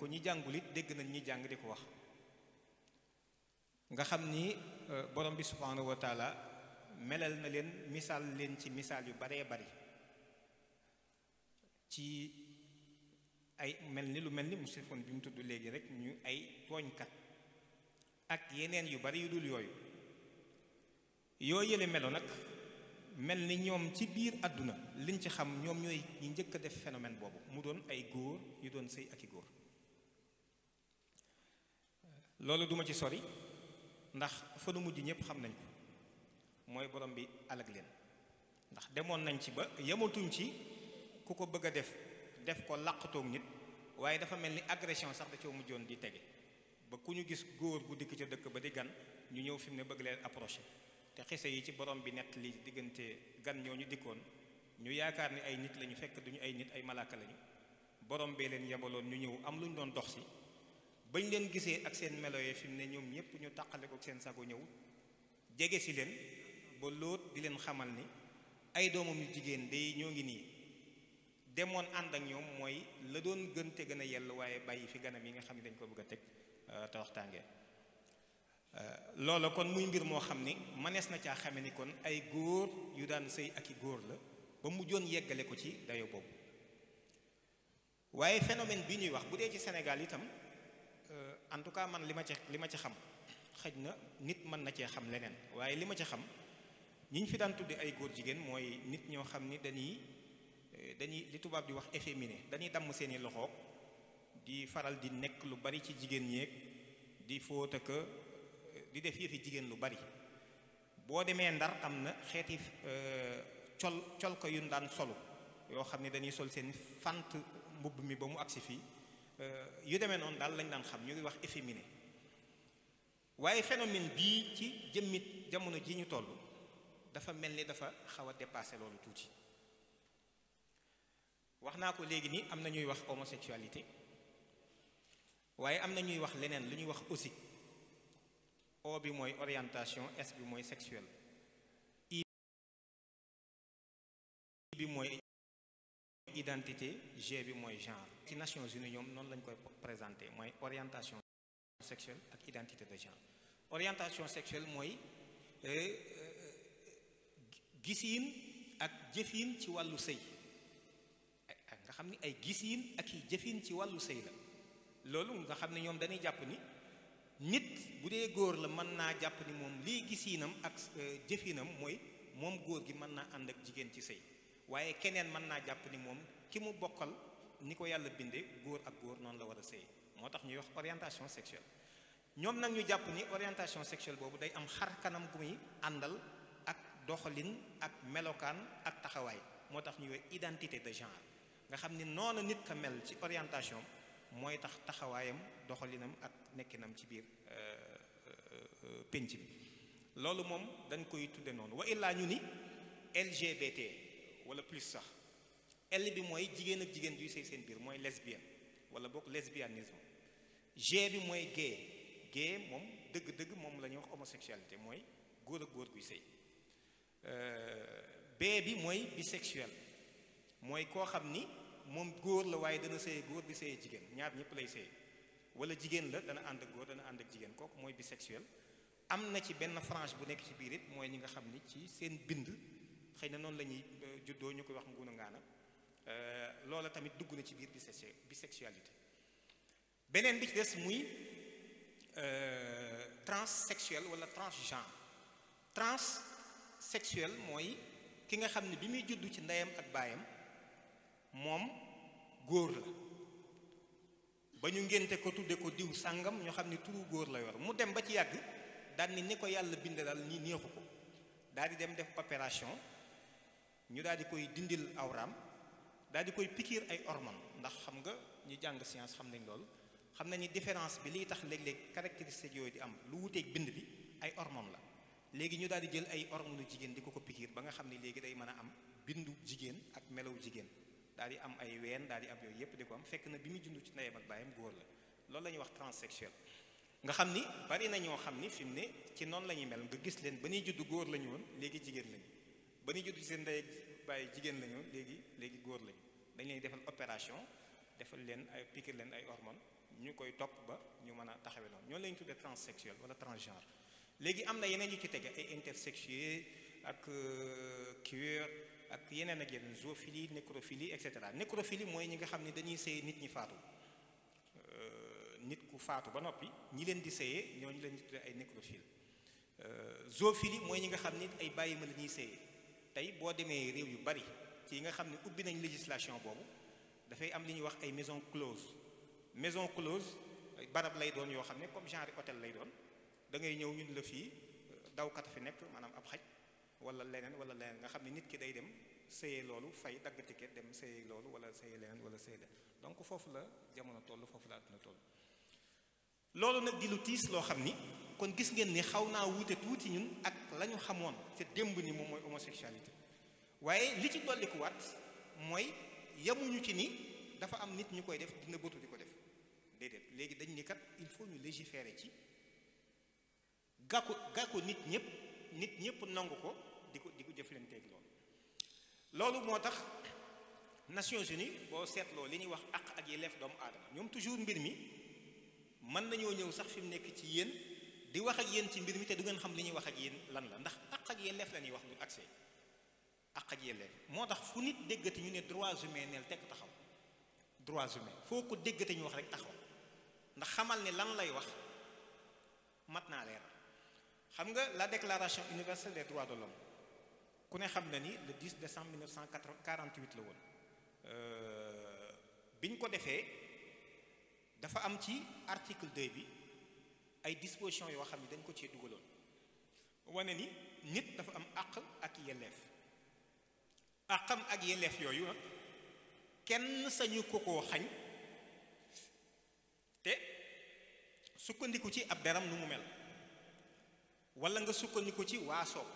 ko ñi jàngul it dégg nañ ñi jàng di ko wax nga xam ni euh, borom bi subhanahu wa melal na leen misaal leen ci misaal yu baree bari ci ay mel ni lu mel ni musrifoon bi mu tudd léegi rek ñu ay tooñkat ak yeneen yu bari yu dul yooyu yoo yële melo nag mel ni ñoom ci biir àdduna liñ ci xam ñoom ñooy ñi njëkk a def phénomène boobu mu doon ay góor yu doon sëy ak i góor loolu duma ci sori ndax fa mujj ñëpp xam nañ ko mooy borom bi alag leen ndax demoon nañ ci ba yamatuñ ci ku ko bëgg a def def ko làqatoog nit waaye dafa mel ni agression sax da coo mujjoon di tege ba ku ñu gis góor gu dikk ca dëkk ba di gan ñu ñëw fi mu ne bëgg leen approché te xise yi ci borom bi nett li diggante gan ñoo ñu dikkoon ñu yaakaar ni ay nit lañu fekk duñu ay nit ay malaaka lañu borom bee leen yabaloon ñu ñëw am lu ñu doon dox si bañ leen gisee ak seen melo yi ne ñoom ñëpp ñu taqale ko seen sago ñëw jege si leen ba lóot di leen xamal ni ay doomam yu jigéen day ñoo ngi nii demoon ànd ak ñoom mooy la doon gën te gën a yell waaye bàyyi fi ganam yi nga xam ne dañ ko bëgg a teg euh, te waxtaange euh, loola kon muy mbir moo xam ni manees na caa xame ni kon ay góor yu daan sëy ak i góor la ba mujjoon yeggale ko ci dayo boobu waaye phénomène bi ñuy wax bu dee ci Sénégal itam en tout cas man li ma ci li ma ci xam xëj na nit mën na cee xam leneen waaye li ma ci xam ñi ñu fi daan tudde ay góor jigéen mooy nit ñoo xam ni dañuy eh, dañuy li tubaab di wax efféminé dañuy damm seeni loxoog di faral di nekk lu bari ci jigéen ñeeg di fóot ak eh, di def yëfi jigéen lu bari boo demee ndar am na xeeti eh, col col ko yun daan solu yoo xam ne dañuy sol seen fant mbubb mi ba mu agsi fii yu demee noonu daal lañ daan xam ñu ngi wax efféminé waaye phénomène bii ci jëmmit jamono ji ñu toll dafa mel ni dafa xaw a dépassé loolu tuuti wax naa ko léegi ni am na ñuy wax homosexualité waaye am na ñuy wax leneen lu ñuy wax aussi o bi mooy orientation s bi mooy sexuel i bi mooy identité G bi mooy genre ci Nations Unies ñoom noonu lañ koy présenté mooy orientation sexuelle ak identité de genre orientation sexuelle mooy euh, euh, gisiin ak jëfin ci wàllu sëy nga xam ni ay gisiin ak i ci wàllu sëy la loolu nga xam ne ñoom dañuy jàpp ni nit bu dee góor la mën naa jàpp ni moom lii gisiinam ak euh, jëfinam mooy moom góor gi mën naa ànd ak jigéen ci sëy waaye keneen mën naa jàpp ni moom ki mu bokkal ni ko yàlla bindee góor ak góor noonu la war a sëy moo tax ñu wax orientation sexuelle ñoom nag ñu jàpp ni orientation sexuelle boobu day am xar kanam gu muy àndal ak doxalin ak melokaan ak taxawaay moo tax ñu wax identité de genre nga xam ni noonu nit ka mel ci orientation mooy tax taxawaayam doxalinam ak nekkinam ci biir euh, euh, euh, pénc bi loolu moom dañ koy tudde noonu wa illaa ñu ni LGBT wala plus sax L bi mooy jigéen ak jigéen juy sëy seen biir mooy lesbienne wala boog lesbianisme G bi mooy gay gay moom dëgg-dëgg moom lañu ñuy wax homosexualité mooy góor ak góor guy sëy euh, B bi mooy bisexuel mooy koo xam ni moom góor la waaye dana sëye góor di sëye jigéen ñaar ñëpp lay sëye wala jigéen la dana ànd ak góor dana ànd ak jigéen kooku mooy bisexuel am na ci benn frange bu nekk ci biir it mooy ñi nga xam ni ci seen bind xëy na noonu lañuy euh, juddoo ñu koy wax nguunu ngaana euh, loola tamit dugg na ci biir bisexualité beneen bi ci des muy euh, transsexuel wala transgenre transsexuel mooy ki nga xam ne bi muy juddu ci ndeyam ak baayam moom góor la ba ñu ngénte ko tudde ko diw sàngam ñoo xam ne turu góor la yor mu dem ba ci yàgg dal ni ni ko yàlla bind daal ni neexu ko daal di dem def opération ñu daal di koy dindil awraam daal di koy pikiir ay hormone ndax xam nga ñu jàng science xam nañ loolu xam nañu différence bi liy tax léeg-léeg caractéristiques yooyu di am lu wuteeg bind bi ay hormone la léegi ñu daal di jël ay hormone jigéen di ko ko pikiir ba nga xam ne léegi day mën a am bindu jigéen ak melaw jigéen daal di am ay ween daal di am yooyu yépp di ko am fekk na bi muy jundu ci ndeyam ak baayam góor la loolu la ñuy wax transsexuel nga xam ni bari nañ ñoo xam ni fi mu ne ci noonu la ñuy mel gis leen ba ñuy judd góor la ñu léegi jigéen lañu ba ñuy juddu seen ndey bàyyi jigéen lañu léegi léegi góor lañu dañ leen defal opération defal leen ay piquer leen ay hormones ñu koy topp ba ñu mën a taxawe noonu ñoo lañu tuddee transsexuel wala transgenre léegi am na yeneen yu ci tege ay intersexué ak euh, queer ak yeneen ak yeneen zoophilie nécrophilie et cetera nécrophilie mooy ñi nga xam ne dañuy sëy nit ñi faatu euh, nit ku faatu ba noppi ñi leen di sëyee ñooñu leen di tuddee ay nécrophile euh, zoophilie mooy ñi nga xam ni ay bàyyima la ñuy sëyee tey boo demee réew yu bari ci nga xam ne ubbi nañ législation boobu dafay am li ñuy wax ay maison close maison close barab lay doon yoo xam ne comme genre hôtel lay doon da ngay ñëw ñun la fii euh, dawkat fi nekk maanaam ab xaj wala leneen wala leneen nga xam ne nit ki day dem sëyee loolu fay dagg ticket dem sëyee loolu wala sëyee leneen wala sëyee leneen donc foofu la jamono toll foofu la àdduna toll loolu nag di lu tiis loo xam ni kon gis ngeen ni xaw naa wuute tuuti ñun ak lañu xamoon te démb ni moom mooy homosexualité waaye li ci dollikuwaat mooy yemuñu ci ni dafa am nit ñu koy def dina bëtu di ko def déedéet léegi dañ ni kat il faut ñu légiférer ci gàkku gàkku nit ñëpp nit ñëpp nangu ko di ko di ko jëflanteeg loolu loolu moo tax Nations Unies boo seetloo li ñuy wax àq ak yelleef doomu aadama ñoom toujours mbir mi mën nañoo ñëw sax fi mu nekk ci yéen di wax ak yéen ci mbir mi te du ngeen xam li ñuy wax ak yéen lan la ndax àq ak yelleef la ñuy wax bu accès àq ak yelleef moo tax fu nit déggati ñu ne droits humains neel tekk taxaw droits humains foo ko déggate ñu wax rek taxaw ndax xamal ne lan lay wax mat naa leer xam nga la déclaration universelle des droits de l'homme ku ne xam ne ni le 10 décembre 1948 la woon euh, biñ ko defee dafa am ci article 2 bi ay dispositions yoo xam ni dañ ko cee dugaloon wane ni nit dafa am àq ak yelleef àqam ak yelleef yooyu nag kenn sañu ko koo xañ te sukkandiku ci ab beram lu mu mel wala nga sukkandiku ci waasoo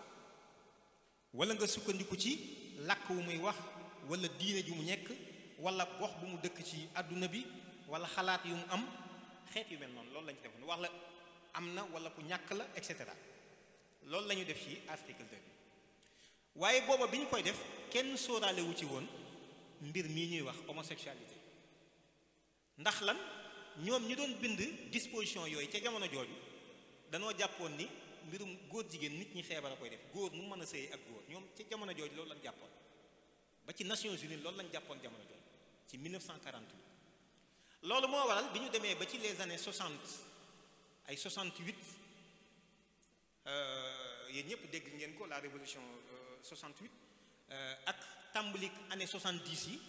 wala nga sukkandiku ci làkk wu muy wax walla diine ju mu nekk wala wax bu mu dëkk ci àdduna bi wala xalaat yu mu am xeet yu mel noonu loolu lañu ñu defoon am na wala ku ñàkk la et cetera loolu la def ci article waaye booba bi ñu koy def kenn sóoraale ci woon mbir mii ñuy wax homosexualité ndax lan ñoom ñu doon bind disposition yooyu ca jamono jooju danoo jàppoon ni mbirum góor jigéen nit ñi feebar koy def góor mu mën a sëy ak góor ñoom ca jamono jooju loolu lañ jàppoon ba ci Nations Unies loolu lañ jàppoon jamono jooju ci 1948 loolu moo waral bi ñu demee ba ci les années 60 ay 68 euh, yéen ñëpp dégg ngeen ko la révolution 68 euh, euh, ak tàmbalik année 70 yi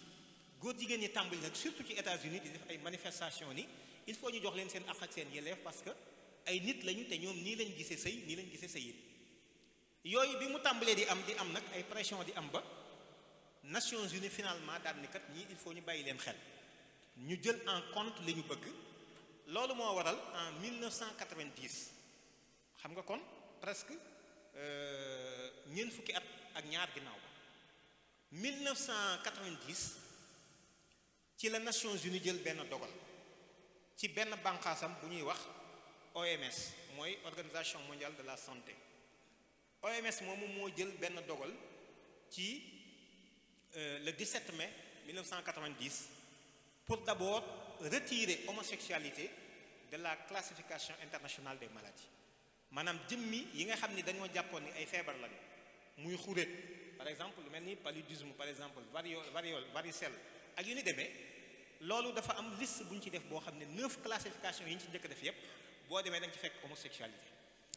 góor jigéen ñi tàmbali nag surtout ci États-Unis di def ay manifestations ni il faut ñu jox leen seen àq seen yelleef parce que ay nit lañu te ñoom nii lañ gisee sëy nii lañ gisee sëyin yooyu bi mu tàmbalee di am di am nag ay pression di am ba Nations Unies finalement daal ni ñii il faut ñu bàyyi leen xel. ñu jël en compte li ñu bëgg loolu moo waral en 1990 xam nga kon presque euh, ñeent fukki at ak ñaar ginnaaw ba 1990 ci la Nations Unies jël benn dogal ci benn bànqaasam bu ñuy wax OMS mooy organisation mondiale de la santé OMS moomu moo jël benn dogal ci euh, le 17 mai 1990. pour d'abord retirer homosexualité de la classification internationale des maladies maanaam jëmmi yi nga xam ni dañoo jàppoon ni ay feebar lañu muy xuréet par exemple lu mel ni paludisme par exemple variole variole varicelle ak yu ni demee loolu dafa am liste bu ñu ci def boo xam ne neuf classification yi ñu ci njëkk def yépp boo demee dañ ci fekk homosexualité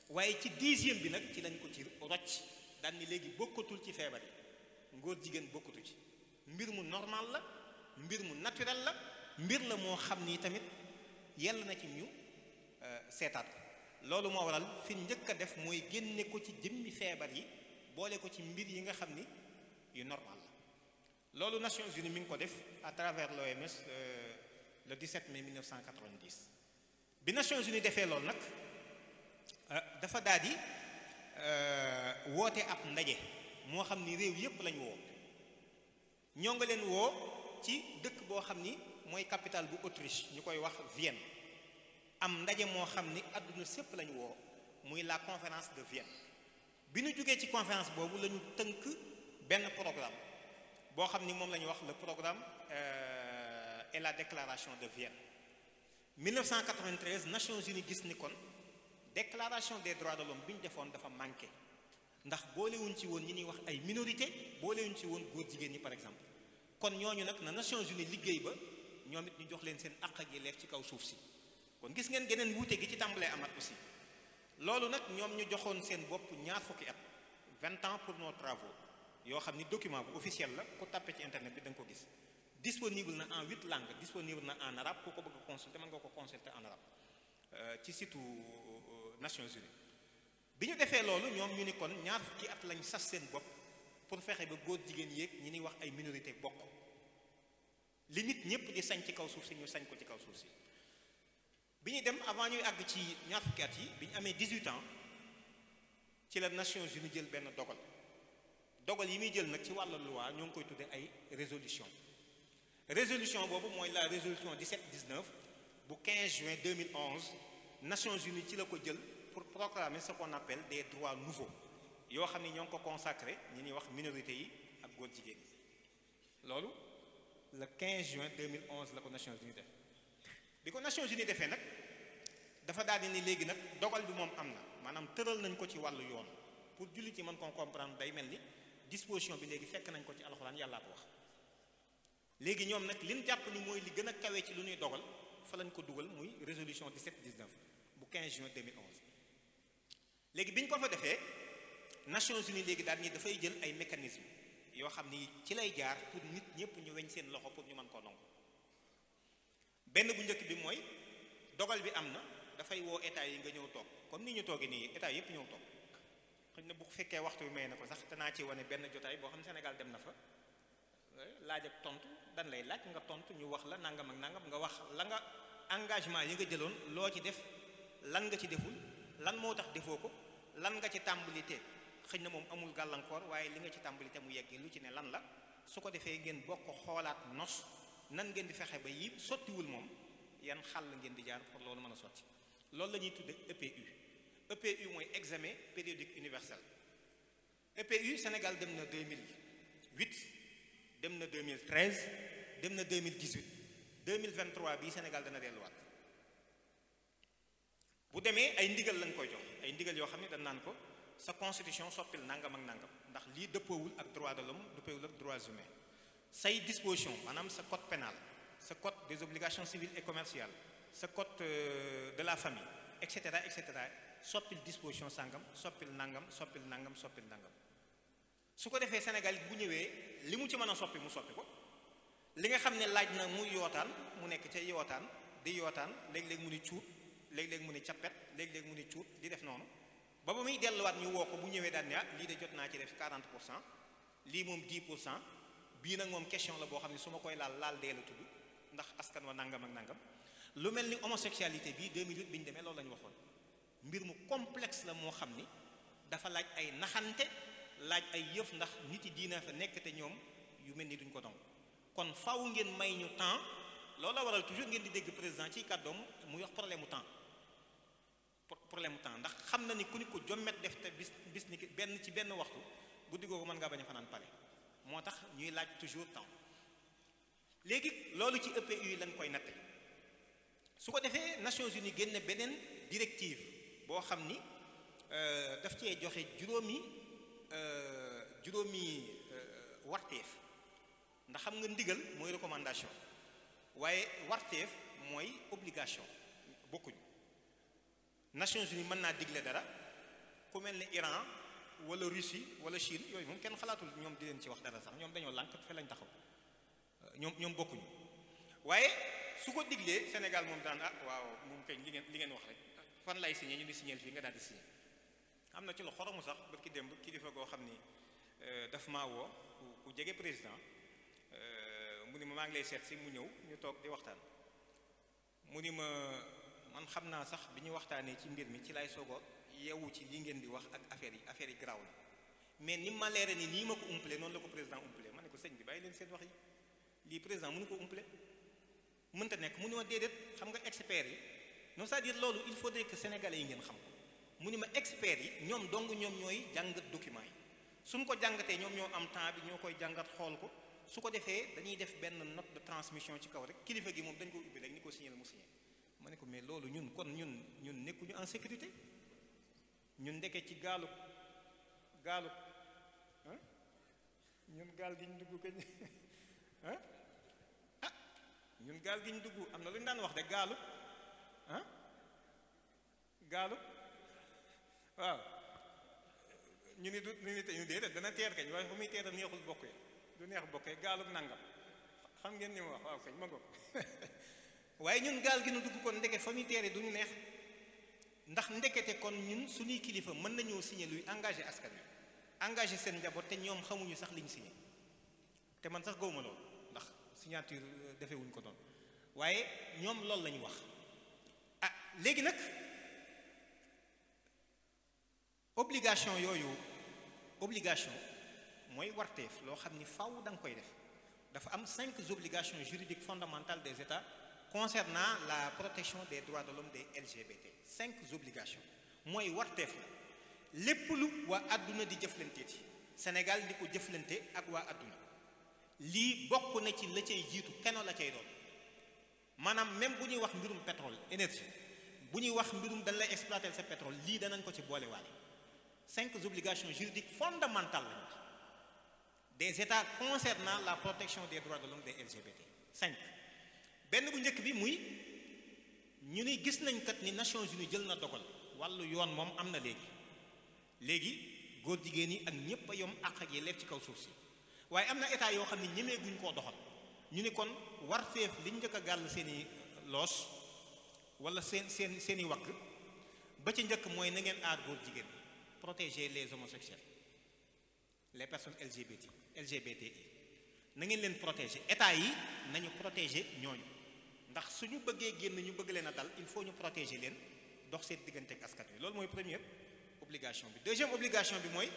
waaye ci dixième bi nag ci lañ ko ci rocc daan ni léegi bokkatul ci feebar yi ngóor jigéen bokkatu ci mbir mu naturel la mbir la moo xam ni tamit yell na ci ñu euh, seetaat ko loolu moo waral fi njëkk a def mooy génne ko ci jëmmi feebar yi boole ko ci mbir yi nga xam ni yu normal la loolu Nations Unies mi ngi ko def à travers l'OMS euh, le 17 mai 1990 bi Nations Unies defee loolu nag euh, dafa daal di woote ab ndaje moo xam ni réew yépp lañu woo ñoo nga leen woo ci dëkk boo xam ni mooy capitale bu Autriche ñu koy wax Vienne am ndaje moo xam ni àdduna sépp lañu woo muy la conférence de Vienne bi nu jógee ci conférence boobu la ñu tënk benn programme boo xam ni moom la ñu wax la programme euh, et la déclaration de Vienne 1993 Nations Unies gis ni kon déclaration de droits de l'homme bi ñu defoon dafa manqué ndax boolewuñ ci woon ñi ñuy wax ay minorité boolewuñ ci woon góor jigéen ñi par exemple kon ñooñu nag na Nations Unies liggéey ba ñoom it ñu jox leen seen àq ak yelleef ci kaw suuf si kon gis ngeen geneen wuute gi ci tàmbalee amat aussi loolu nag ñoom ñu joxoon seen bopp ñaar fukki at vingt ans pour nos travaux yoo xam ni document bu officiel la ku tàppe ci internet bi da ko gis disponible na en huit langues disponible na en arabe ku ko bëgg a consulter mën nga ko consulter en arabe euh, ci site euh, Nations Unies bi ñu defee loolu ñoom ñu ni kon ñaar fukki at lañ sas seen bopp pour fexe ba góor jigéen yéeg ñi ñuy wax ay minorité bokk li nit ñëpp di sañ ci kaw suuf si ñu sañ ko ci kaw suuf si bi ñuy dem avant ñuy àgg ci ñaar yi bi ñu amee 18 ans ci la Nations Unies jël benn dogal dogal yi muy jël nag ci wàllu loi ñoo ngi koy tudde ay résolution résolution boobu mooy la résolution 17 19 bu 15 juin 2011 Nations Unies ci la ko jël pour proclamer ce qu'on appelle des droits nouveaux yoo xam ne ñoo ngi ko consacré ñi ñuy wax minorité yi ak góor jigéen yi loolu le 15 juin 2011 la ko Nations Unies def bi ko Nations Unies defee nag dafa daal di ni léegi nag dogal bi moom am na maanaam tëral nañ ko ci wàllu yoon pour jullit yi man koo comprendre day mel ni disposition bi léegi fekk nañ ko ci alxuraan yàllaa ko wax léegi ñoom nag liñ jàpp ni mooy li gën a kawe ci lu ñuy dogal fa lañ ko dugal muy résolution 17 19 bu 15 juin 2011 léegi bi ñu ko fa defee. Nations Unies léegi daal ni dafay jël ay mécanisme yoo xam ni ci lay jaar pour nit ñëpp ñu weñ seen loxo pour ñu man koo nangu benn bu njëkk bi mooy dogal bi am na dafay woo état yi nga ñëw toog kon nii ñu toogee nii état yëpp ñëw toog xëy na bu fekkee waxtu bi may na ko sax naa ci wane benn jotaay boo xam Sénégal dem na fa laaj ak tontu dan lay laaj nga tontu ñu wax la nangam ak nangam nga wax la nga engagement yi nga jëloon loo ci def lan nga ci deful lan moo tax defoo ko lan nga ci tàmbali tee xëñ na moom amul gàllankoor waaye li nga ci tàmbali mu yegg lu ci ne lan la su ko defee ngeen bokk xoolaat nos nan ngeen di fexe ba yi sottiwul moom yan xàll ngeen di jaar pour loolu mën a sotti loolu la ñuy tudde EPU EPU mooy examen périodique universel EPU Sénégal dem na 2008 dem na 2013 dem na 2018 2023 bii Sénégal dana delluwaat bu demee ay ndigal lañ koy jox ay ndigal yoo xam ne dañ naan ko sa constitution soppil nangam ak nangam ndax lii dëppoowul ak droit de l'homme dëppoowul ak droits humains say disposition maanaam sa code pénal sa code des obligations civiles et commerciales sa code euh, de la famille et cetera et cetera soppil disposition sangam soppil nangam soppil nangam soppil nangam su ko defee Sénégal bu ñëwee li mu ci mën a soppi mu soppi ko li nga xam ne laaj na mu yootaan mu nekk ca yootaan di yootaan léeg-léeg mu ni cuut léeg-léeg mu ne cappet léeg-léeg mu ni cuut di def noonu ba ba muy delluwaat ñu woo ko bu ñëwee daal ne ah, lii de jot naa ci def 40 pour cent lii moom 10 pour bii nag moom question la boo xam ne su ma koy laal laal dee la tudd ndax askan wa nangam ak nangam lu mel ni homosexualité bi 2008 bi ñu demee loolu la ñu waxoon mbir mu complexe la moo xam ni dafa laaj ay naxante laaj ay yëf ndax nit yi diina fa nekk te ñoom yu mel ni duñ ko dong kon faw ngeen may ñu temps loolu la waral toujours ngeen di dégg président ci kàddoom mu yox problème mu temps problème temps ndax xam na ni ku ni ko jommet def te bis bis benn ci benn waxtu guddi googu mën ngaa bañ a fanaan pale moo tax ñuy laaj toujours temps léegi loolu ci ëppee yi lañ koy natte su ko defee Nations Unies génne beneen directive boo xam ni euh, daf cee joxe juróomi euh, juróomi euh, warteef ndax xam nga ndigal mooy recommandation waaye warteef mooy obligation bokkuñu Nations Unies mën naa digle dara ku mel ni Iran wala Russie wala Chine yooyu moom kenn xalaatul ñoom di leen ci wax dara sax ñoom dañoo lànk fe lañ taxaw euh, ñoom ñoom bokkuñu waaye su ko diglee Sénégal moom daan ah waaw moom kay li ngeen li ngeen wax rek fan lay signé ñu ni signé fii nga daal di signé am na ci lu xoromu sax ba ki démb kilifa goo xam ni euh, dafa ma woo ku jege président euh, mu ni ma maa ngi lay seet si mu ñëw ñu toog di waxtaan mu ni ma. man xam naa sax bi ñu waxtaanee ci mbir mi ci lay soog a ci li ngeen di wax ak affaire yi affaire yi garaaw la mais ni ma leere ni nii ma ko umpale noonu la ko président umpale ma ne ko sëñ bi bàyyi leen seen wax yi lii président mënu ko umpale mënta nekk mu ni ma déedéet xam nga experts yi non c'est-à-dire loolu il faudrait que sénégalais yi ngeen xam ko mu ni ma experts yi ñoom dong ñoom ñooy jàngat document yi su suñ ko jàngatee ñoom ñoo am temps bi ñoo koy jàngat xool ko ko defee dañuy def benn note de ci rek kilifa gi moom dañ ko ubbi rek ni ma ne ko mais loolu ñun kon ñun ñun nekkuñu en sécurité ñun ndeke ci gaalu gaalu ah ñun gaal gi ñu dugg gaal gi ñu am na lu ñu daan wax de gaalu ah gaalu waaw ñu ni du ñu ni ñu déedéet dana teer kañ waaye fu muy teer a neexul bokk yi du neex bokk yi gaalu nangam xam ngeen ni mu wax waaw kañ ma ngoog waaye ñun gaal gi nu dugg kon ndeke fa muy teere du ñu neex ndax ndekete kon ñun suñuy kilifa mën nañoo signé luy engage askan wi engagé seen njaboot te ñoom xamuñu sax liñ signé te man sax gawma lool ndax signature euh, defewuñ ko doon waaye ñoom lool lañu wax ah léegi nag obligation yooyu obligation mooy warteef loo xam ni faw da nga koy def dafa am cinq obligations juridiques fondamentale des états concernant la protection des droits de l'homme des LGBT cinq obligations mooy warteef la lépp lu waa àdduna di jëflanteeti Sénégal di ko jëflante ak waa àdduna lii bokk na ci la cay jiitu keno la cay doon maanaam même bu ñuy wax mbirum pétrole énergie bu ñuy wax mbirum dañ lay exploiter sa pétrole lii danañ ko ci boolewaale cinq obligations juridiques fondamentales lañu des états concernant la protection des droits de l'homme des LGBT cinq benn bu njëkk bi muy ñu ni gis nañ kat ni Nations Unies jël na dogal wàllu yoon moom am na léegi léegi góor jigéen yi ak ñëpp a yom àq yi yelleef ci kaw suuf si waaye am na état yoo xam ne ñemee guñ koo doxal ñu ni kon war feef li njëkk a gàll seeni i loos wala seen seeni seen i wakk ba ca njëkk mooy na ngeen aar góor jigéen protéger les homosexuels les personnes LGBT LGBTI na ngeen leen protéger état yi nañu protéger ñooñ ndax suñu bëggee génn ñu bëgg leen a dal il faut ñu protéger leen dox seen diggante ak askan wi loolu mooy première obligation bi deuxième obligation bi mooy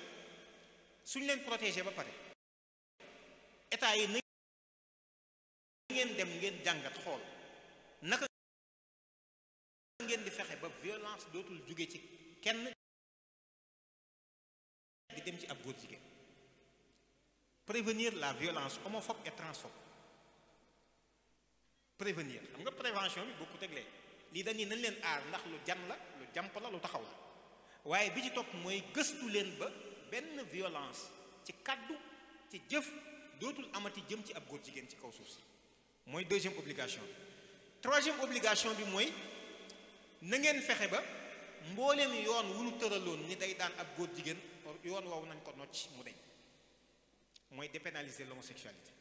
suñu leen protéger ba pare état yi na ngeen dem ngeen jàngat xool naka ngeen di fexe ba violence dootul jóge ci kenn di dem ci ab góor jigéen prévenir la violence homophobe et transphobe prévenir xam nga prévention bi bokkut ak lee lii dañuy nañ leen aar ndax lu jam la lu jàmp la lu taxaw la waaye bi ci topp mooy gëstu leen ba benn violence ci kaddu ci jëf dootul amati jëm ci ab góor jigéen ci kaw suuf si mooy deuxième obligation bi troisième obligation bi mooy na ngeen fexe ba mbooleem yoon wu ñu tëraloon ni day daan ab góor jigéen yoon wow nañ ko nocc mu deñ mooy dépénaliser l'homosexualité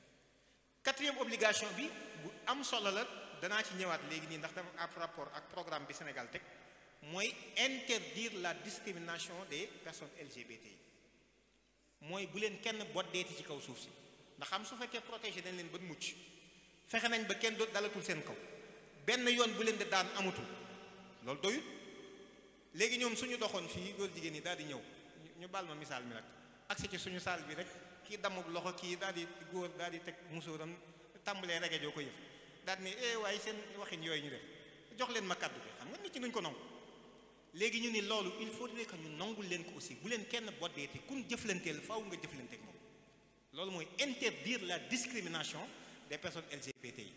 quatrième obligation bi am solo la danaa ci ñëwaat léegi nii ndax dafa ab rapport ak programme bi Sénégal teg mooy interdire la discrimination des personnes LGBT yi mooy bu leen kenn boddeeti ci kaw suuf si ndax xam su fekkee protégé dañ leen ba mucc fexe nañ ba kenn doot dalatul seen kaw benn yoon bu leen di daan amatul loolu doyut léegi ñoom suñu doxoon fii góor jigéen ñi daal di ñëw ñu baal ma misaal mi nag agsi ci suñu saal bi rek kii damub loxo kii daal di góor daal di teg musóoram tàmbalee rege joo ko yëf daal ne eh waaye seen waxin yooyu ñu def jox leen ma kàddu bi xam nga nit ñi nañ ko nangu léegi ñu ni loolu il faudrait que ñu nangul leen ko aussi bu leen kenn boddeeti kun jëflanteel faaw nga jëflanteek moom loolu mooy interdire la discrimination des personnes LGBT yi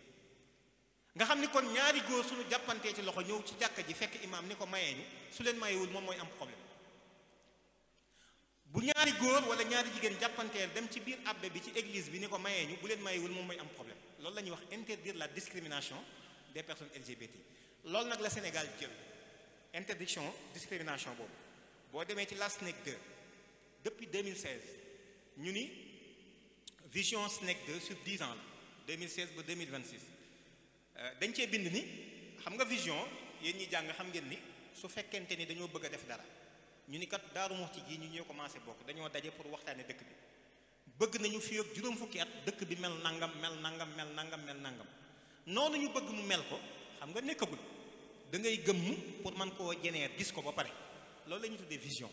nga xam ni kon ñaari góor suñu jàppantee ci loxo ñëw ci jàkka ji fekk imaam ni ko mayee ñu su leen mayewul moom mooy am problème bu ñaari góor wala ñaari jigéen jàppantee dem ci biir abbe bi ci église bi ni ko mayee ñu bu leen moom mooy am problème loolu la ñuy wax interdire la discrimination des personnes LGBT loolu nag la Sénégal jël interdiction discrimination boobu boo demee ci la SNEC 2 depuis 2016 ñu ni vision SNEC 2 sur 10 ans la 2016 ba 2026 euh, dañ cee bind ni xam nga vision yéen ñi jàng xam ngeen ni su fekkente ni dañoo bëgg def dara ñu ni kat Daaru Muxti gii ñu ñoo commencé bokk dañoo daje pour waxtaane dëkk bi bëgg nañu fi ak juróom fukki at dëkk bi mel nangam mel nangam mel nangam mel nangam noonu ñu bëgg mu mel ko xam nga nekkagul da ngay gëmm pour man koo jeneer gis ko ba pare loolu la ñuy tuddee vision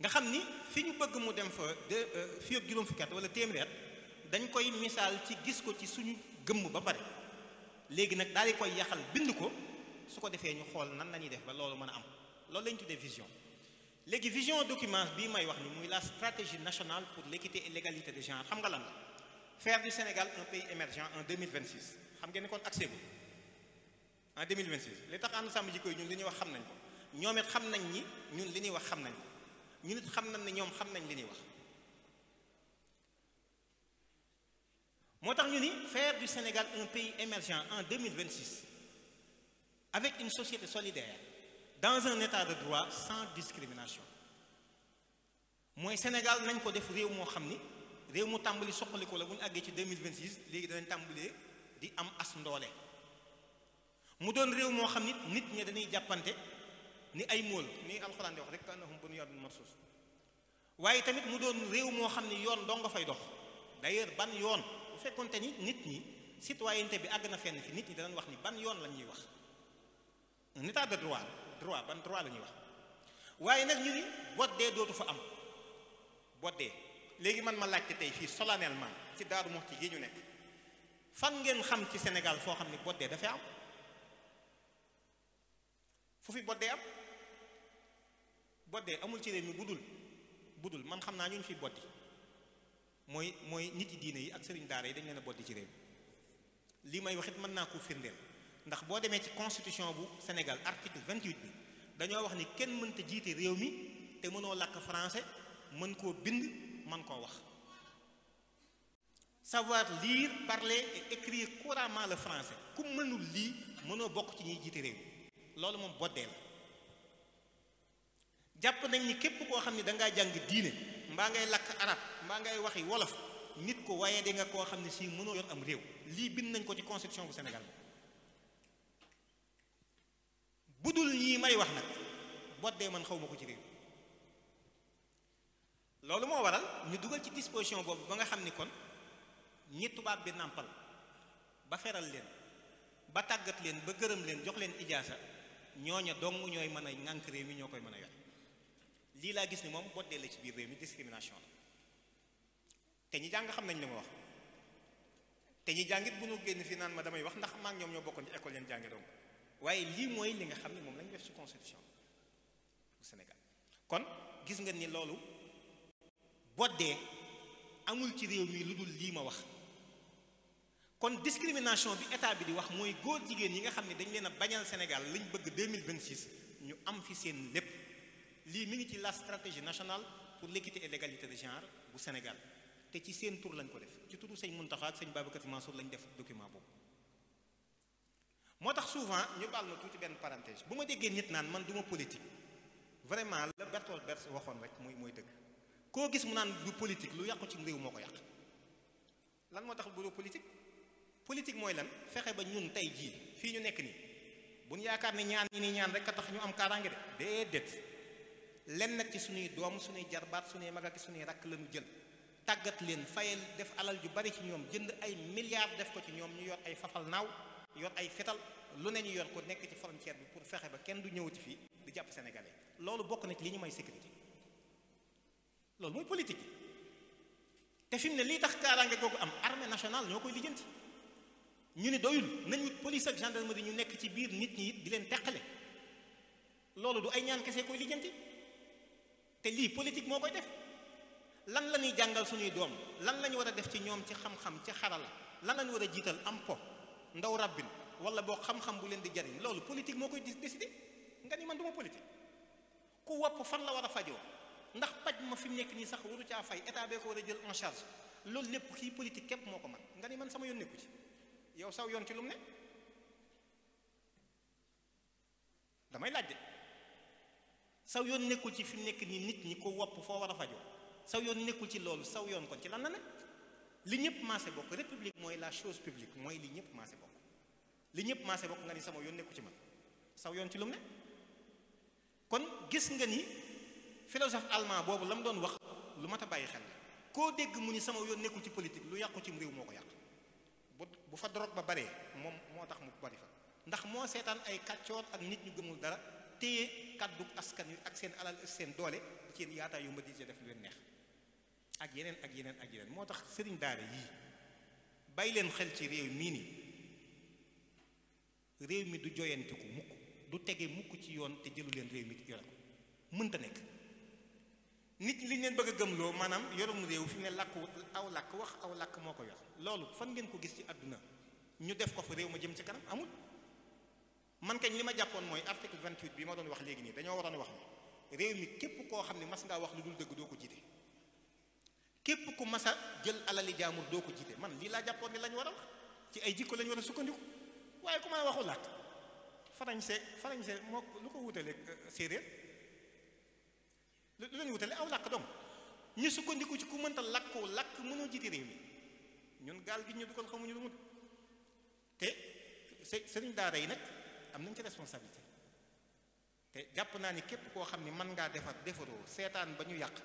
nga xam ni fi ñu bëgg mu dem fa de euh, fi ak juróom fukki at wala téeméer dañ koy misaal ci gis ko ci suñu gëmm ba pare léegi nag daal di koy yaxal bind ko su ko defee ñu xool nan la ñuy def ba loolu mën a am loolu la ñu tuddee vision léegi vision document bii may wax ni muy la stratégie nationale pour l'équité et l'égalité de genre xam nga lan la faire du Sénégal un pays émergent en 2026 xam ngeen ni kon accès bu en 2026 li tax ànd sàmm jikko yi ñun li ñuy wax xam nañ ko ñoom it xam nañ ni ñun li ñuy wax xam nañ ko ñun it xam nañ ne ñoom xam nañ li ñuy wax moo tax ñu ni faire du Sénégal un pays émergent en 2026 avec une société solidaire dans un état de droit sans discrimination mooy Sénégal nañ ko def réew moo xam ni réew mu tàmbali soqali ko la bu ñu àggee ci 2026 léegi danañ tàmbalee di am as ndoole mu doon réew moo xam nit nit ñi dañuy jàppante ni ay mool ni alxuraan di wax rek kaanahum bunyaanun marsuus waaye tamit mu doon réew moo xam ni yoon doo nga fay dox d'ailleurs ban yoon bu fekkonte ni nit ñi citoyenneté bi àgg na fenn fi nit ñi danañ wax ni ban yoon lañ ñuy wax un état de droit droit ban droit la waaye nag ñu ni boddee dootu fa am boddee léegi man ma laajte tey fii solennellement ci Daaru Muxti ci ñu nekk fan ngeen xam ci Sénégal foo xam ne boddee dafay am fu fi boddee am boddee amul ci réew mi bu dul man xam naa ñu ñu fi boddi mooy mooy nit yi diine yi ak sëriñ daara yi dañ leen a boddi ci réew mi li may waxit mën naa ko firndeel ndax boo demee ci constitution bu Sénégal article 28 bi dañoo wax ni kenn mën mënta jiite réew mi te mënoo làkk français mën koo bind mën koo wax savoir lire parler et écrire couramment la français ku mënul lii mënoo bokk ci ñuy jiite réew mi loolu moom boddee la jàpp nañ ni képp koo xam ne dangaa jàng diine mbaa ngay lakk arab mbaa ngay waxi wolof nit ko waaye di nga koo xam ne sii mënoo yor am réew lii bind nañ ko ci constitution bu Sénégal bu dul yii may wax nag bot dee man xaw ma ko ci réew loolu moo waral ñu dugal ci disposition boobu ba nga xam ni kon ñi tubaab bi nàmpal ba feral leen ba tàggat leen ba gërëm leen jox leen ijaasa ñooña dong ñooy mën a ŋànk réew yi ñoo koy mën a yore lii laa gis ni moom boddee la ci biir réew mi discrimination la te ñi jàng xam nañ li ma wax te ñi jàngit bu nu génn fii naan ma damay wax ndax maa ngi ñoom ñoo bokkoon ci école leen jànge dong waaye lii mooy li nga xam ne moom lañ def ci constitution bu Sénégal kon gis nga ni loolu boddee amul ci réew mi lu dul lii ma wax kon discrimination bi état bi di wax mooy góor jigéen yi nga xam ne dañ leen a bañal Sénégal lañ bëgg 2026 ñu am fi seen lépp lii mu ngi ci la stratégie nationale pour l'équité et l'égalité de genre bu Sénégal te ci seen tur lañ ko def ci turu sëñ Mountakha ak sëñ Babacar Mansour lañ def document boobu moo tax souvent ñu baal ma tuuti benn parenthèse bu ma déggee nit naan man duma politique vraiment la Bertolt Brecht waxoon rek mooy mooy dëgg koo gis mu naan du politique lu yàqu ci réew moo ko yàq lan moo tax bu politique politique mooy lan fexe ba ñun tey jii fii ñu nekk nii bu yaakaar ni ñaan ñi ni ñaan rek a tax ñu am kaaraange de déedéet lenn nag ci suñuy doom suñuy jarbaat suñuy mag ak suñuy rakk lañu jël tàggat leen fayal def alal ju bari ci ñoom jënd ay milliards def ko ci ñoom ñu yor ay fafal naaw yor ay fetal lu ne ñu yor ko nekk ci frontière bi pour fexe ba kenn du ñëwati fii di jàpp sénégalais loolu bokk na ci li ñu may sécurité loolu mooy politique te fi mu ne lii tax kaaraange googu am armée nationale ñoo koy lijjanti ñu ne doyul nañu police ak gendarmerie ñu nekk ci biir nit ñi it di leen teqale loolu du ay ñaan kese koy lijjanti te lii politique moo koy def lan la ñuy jàngal suñuy doom lan la ñu war a def ci ñoom ci xam-xam ci xarala lan lañu war a jiital am po. ndaw rabbin wala boo xam-xam bu leen di jariñ loolu politique moo koy décider nga ni man du ma politique ku wopp fan la war a fajoo ndax paj ma fi mu nekk nii sax waru caa fay état bee ko war a jël en loolu lépp kii politique képp moo ko man nga ni man sama yoon nekku ci yow saw yoon ci lu mu ne damay laaj de saw yoon nekkul ci fi mu nekk nii nit ñi ko wopp foo war a fajoo saw yoon nekkul ci loolu saw yoon kon ci lan na ne li ñëpp maase bokk république mooy la chose publique mooy li ñëpp maase bokk li ñëpp maase bokk nga ni sama yoon nekku ci man saw yoon ci lu gis nga ni philosophe allemand boobu la mu doon wax lu mat a bàyyi xel koo dégg mu ni sama yoon nekkul ci politique lu yàqu cim réew moo ko yàq bu bu fa drogue ba baree moom moo tax mu bari fa ndax moo seetaan ay kàccoor ak nit ñu gëmul dara téye kàddu askan wi ak seen alal seen doole ci yaata yu mba di def lu leen neex ak yeneen ak yeneen ak yeneen moo tax sëriñ daara yii bàyyi leen xel ci réew mii nii réew mi du joyante ko mukk du tege mukk ci yoon te jëlu leen réew mi yore ko mënta nekk nit li leen bëgg a gëmloo maanaam yorum réew fi ne làkk aw làkk wax aw làkk moo ko yor loolu fan ngeen ko gis ci àdduna ñu def ko fa réew ma jëm ci kanam amut man kañ li ma jàppoon mooy article 28 bi ma doon wax léegi nii dañoo waroon wax ni réew mi képp koo xam ne mas ngaa wax lu dul dëgg doo ko jiite képp ku mas a jël alali jaamur doo ko jiite man lii laa jàppoon ni lañ war a wax ci ay jikko lañu war a sukkandiku waaye ku mën a waxu laat farañse farañse moo lu ko wutale euh, séeréer lu leen wutale aw làkk dong ñu sukkandiku ci ku mënta làkkoo làkk mënoo jiite réew mi ñun gaal gi ñu dugal xamuñu lu mu te se sëriñ daara rey nag am nañ ci responsabilité te jàpp naa ni képp koo xam ni mën ngaa defar defaroo seetaan ba ñu yàq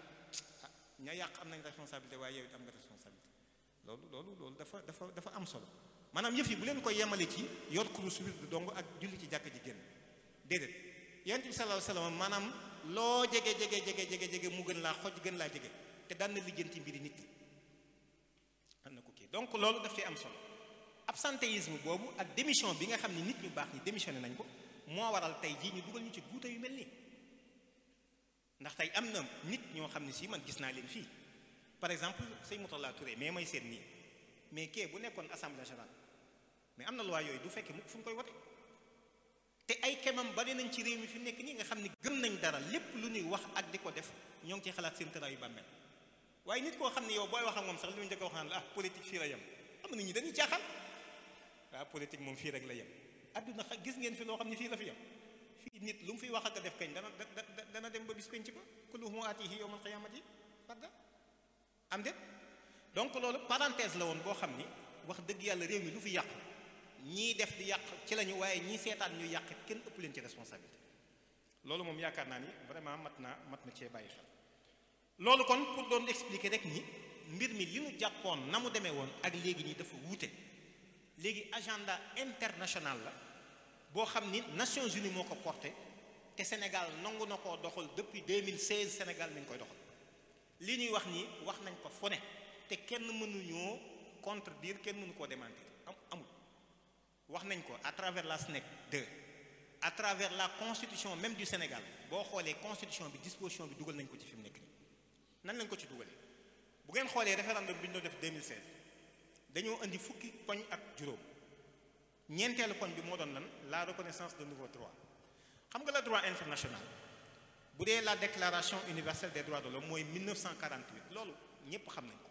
ña yàq am nañ responsabilité waaye yow it am nga responsabilité loolu loolu loolu dafa dafa dafa am solo maanaam yëf yi bu leen koy yemalee ci yor kurus bi dong ak julli ci jàkk ji génn déedéet yonent bi sallallahu alayhi wasallam maanaam loo jege jege jege jege jege mu gën laa xoj gën laa jege te daan na lijjanti mbiri nit ñi xam na ko kii donc loolu daf ci am solo absentéisme boobu ak démission bi nga xam ne nit ñu baax ñi démissionné nañ ko moo waral tey jii ñu dugal ñu ci guuta yu mel ndax tey am na nit ñoo xam ne sii man gis naa leen fii par exemple sëñ Moutalla Touré mais may seen nii mais kee bu nekkoon assemblée générale mais am na loi yooyu du fekkee mukk fu ñu koy wote te ay kemam bari nañ ci réew mi fi nekk nii nga xam ne gën nañ dara lépp lu ñuy wax ak di ko def ñoo ngi ciy xalaat seen tëraayu bàmmeel waaye nit koo xam ne yow booy wax ak moom sax li mu njëkk a wax naan la ah politique fii la yem am na ñi dañuy caaxaan waaw ah, politique moom fii rek la yem adduna gis ngeen loo xam ne fii la fi nit lu mu fiy wax ak a def kañ dana dana dem ba ci bis penc ba kulluhum aatihi yawmal qiyaamati farda am déet donc loolu parenthèse la woon boo xam ni wax dëgg yàlla réew mi lu fi yàqu ñii def di yàq ci lañu waaye ñii seetaan ñu yàq kenn ëpp leen ci responsabilité loolu moom yaakaar naa ni vraiment mat naa mat na cee bàyyi xel loolu kon pour doon expliquer rek ni mbir mi li nu jàppoon na mu demee woon ak léegi nii dafa wuute léegi agenda international la boo xam ni Nations Unies moo ko porté te Sénégal nangu na ko doxal depuis 2016 Sénégal mi ngi koy doxal li ñuy wax nii wax nañ ko fu te kenn mënuñoo contredire kenn mënu koo démentir am amul wax nañ ko à travers la SNEC 2 à la constitution même du Sénégal boo xoolee constitution bi disposition bi dugal nañ ko ci fi nekk nii nan lañ ko ci dugalee bu ngeen xoolee référendum bi ñu doon def 2016 dañoo indi fukki poñ ak juróom ñeenteelu poñ bi moo doon lan la reconnaissance de nouveaux droits xam nga le droit international bu dee la déclaration universelle des droits de l'homme mooy 1948 loolu ñépp xam nañ ko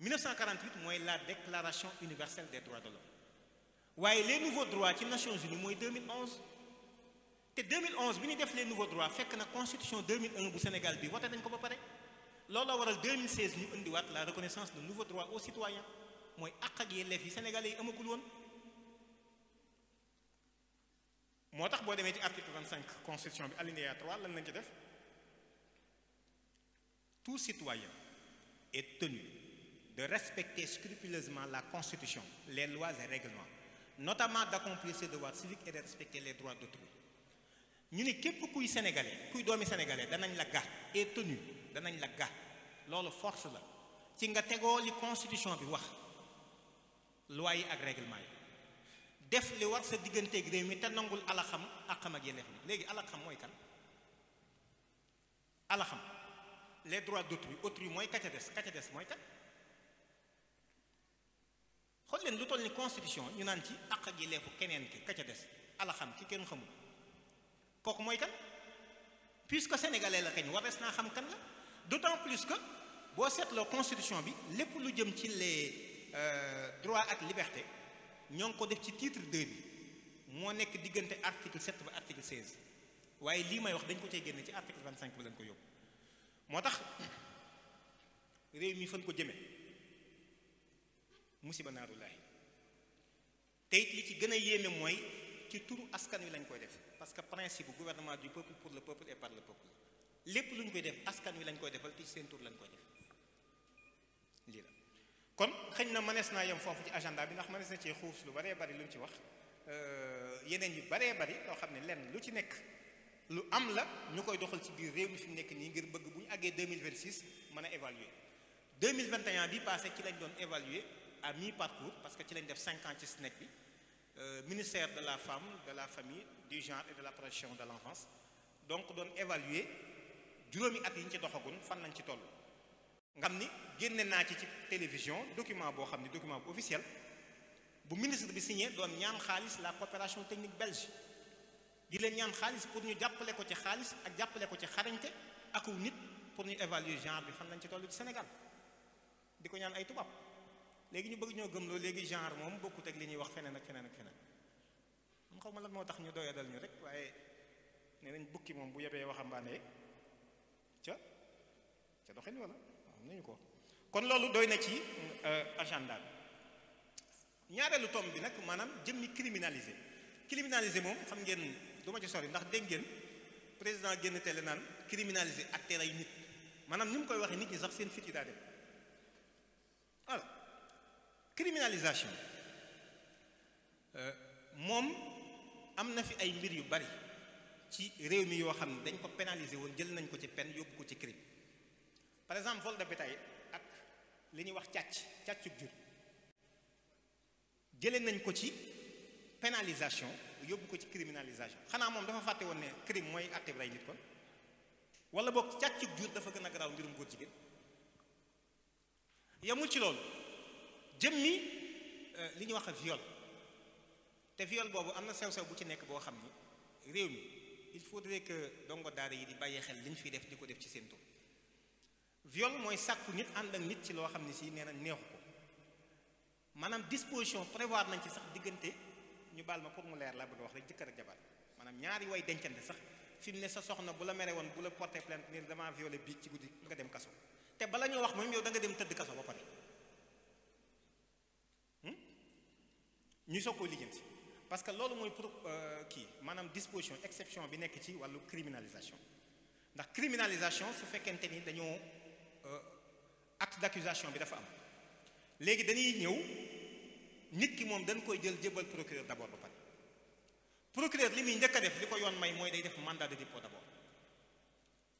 1948 mooy la déclaration universelle des droits de l'homme waaye les nouveaux droits ci Nations Unies mooy 2011 te 2011 bi ñu def les nouveaux droits fekk na constitution 2001 bu Sénégal bi voté nañ ko ba pare looloo waral 2016 ñu indiwaat la reconnaissance de nouveaux droits aux citoyens mooy àq ak yelleef yi sénégalais yi amagul woon moo tax boo demee ci article 25 constitution bi alinéa 3 lan lañ ci def tout citoyen et tenu de respecter scrupuleusement la constitution les lois et règlements notamment d'accomplir ses devoirs civiques et de respecter les droits d'autrui ñu ne képp kuy sénégalais kuy doomi sénégalais danañ la ga est tenu danañ la ga loolu force la ci nga tegoo li constitution bi wax loi yi ak règlement yi def li war sa diggante réew mi te nangul alaxam ak xam ak yelleef bi léegi alaxam mooy kan alaxam les droits d'autrui autrui mooy kaca des kaca des mooy kan xool leen lu toll ni constitution ñu naan ci àq ak yelleefu keneen ki kaca des alaxam ki kenn xamul kooku mooy kan puisque sénégalais la kañ war des naa xam kan la d'autant plus que boo seetloo constitution bi lépp lu jëm ci les Euh, droit ak liberté ñoo ngi ko def ci titre 2 bi moo nekk diggante article 7 ba article 16 waaye lii may wax dañ ko cay génne ci article 25 ba lañ ko yóbbu moo tax réew mi fan ko jëme musiba naaru laahi te li ci gën a yéeme mooy ci turu askan wi lañ koy def parce que principe bu gouvernement du peuple pour le peuple et par le peuple lépp lu ñu koy def askan wi lañ koy defal ci seen tur lañ koy def kon xëñ na mënees naa yem foofu ci agenda bi ndax mënees na cee xuus lu baree bari lu mu ci wax euh, yeneen yu baree bari loo xam ne lenn lu ci nekk lu am la ñu koy doxal ci biir réew mi fi mu nekk nii ngir bëgg bu ñu àggee 2026 mën a évaluer 2021 bi passé ci lañ doon évaluer à mi parcours parce que ci lañ def 5 ans ci SNEC bi euh, ministère de la femme de la famille du genre et de la protection de l'enfance donc doon évaluer juróomi at yi ñu ci doxagun fan lañ ci toll ngam ni génne naa ci ci télévision document boo xam ni document bu officiel bu ministre bi signé doon ñaan xaalis la coopération technique belge di leen ñaan xaalis pour ñu jàppale ko ci xaalis ak jàppale ko ci xarañte ak nit pour ñu évaluer genre bi fan nañ ci tollu ci Sénégal di ko ñaan ay tubaab léegi ñu bëgg ñoo gëm loolu léegi genre moom bokkut ak li ñuy wax feneen ak feneen ak feneen man xaw ma lan moo tax ñu doyadal ñu rek waaye ne nañ bukki moom bu yebee waxambaane ca ca doxin am nañu ko kon loolu doy na ci euh, agenda bi ñaareelu tom bi nag maanaam jëmmi criminalisé criminalisé moom xam ngeen du ma ci sori ndax dégg ngeen président génn télé naan criminalisé acteur ay nit maanaam ni mu koy waxee nit ñi sax seen fit yi daa dem voilà criminalisation euh, moom am na fi ay mbir yu bari ci réew mi yoo xam ne dañ ko pénaliser woon jël nañ ko ci peine yóbbu ko ci crime par exemple vol de bétail ak li ñuy wax càcc càccub jur jëlee nañ ko ci pénalisation yóbbu ko ci criminalisation xanaa moom dafa fàtte woon ne crime mooy acte bi rey nit kon wala boog càccub jur dafa gën a garaaw mbirum góor jigéen yemul ci loolu jëmmi euh, li ñuy wax viol te viol boobu am na sew-sew bu ci nekk boo xam ni réew mi il faudrait que dongo daara yi di bàyyi xel li ñu fiy def di ko def ci seen tur viol mooy sàkku nit ànd ak nit ci loo xam ne si nee na neexu ko maanaam disposition prévoir nañ ci sax diggante ñu baal ma pour mu leer laa bëgg wax rek jëkkër ak jabar maanaam ñaari way dencante sax fi mu ne sa soxna bu la mere woon bu la porté plainte ni dama violé bii ci guddi nga dem kaso te bala ñoo wax moom yow da nga dem tëdd kaso ba pare hmm? ñu soog koo lijjanti parce que loolu mooy pour euh, kii maanaam disposition exception bi nekk ci wàllu criminalisation ndax criminalisation su fekkente acte d'accusation bi dafa am léegi dañuy ñëw nit ki moom dañ koy jël jébal procureur d'abord ba pare procureur li muy njëkk a def li ko yoon may mooy day def mandat de dépôt d'abord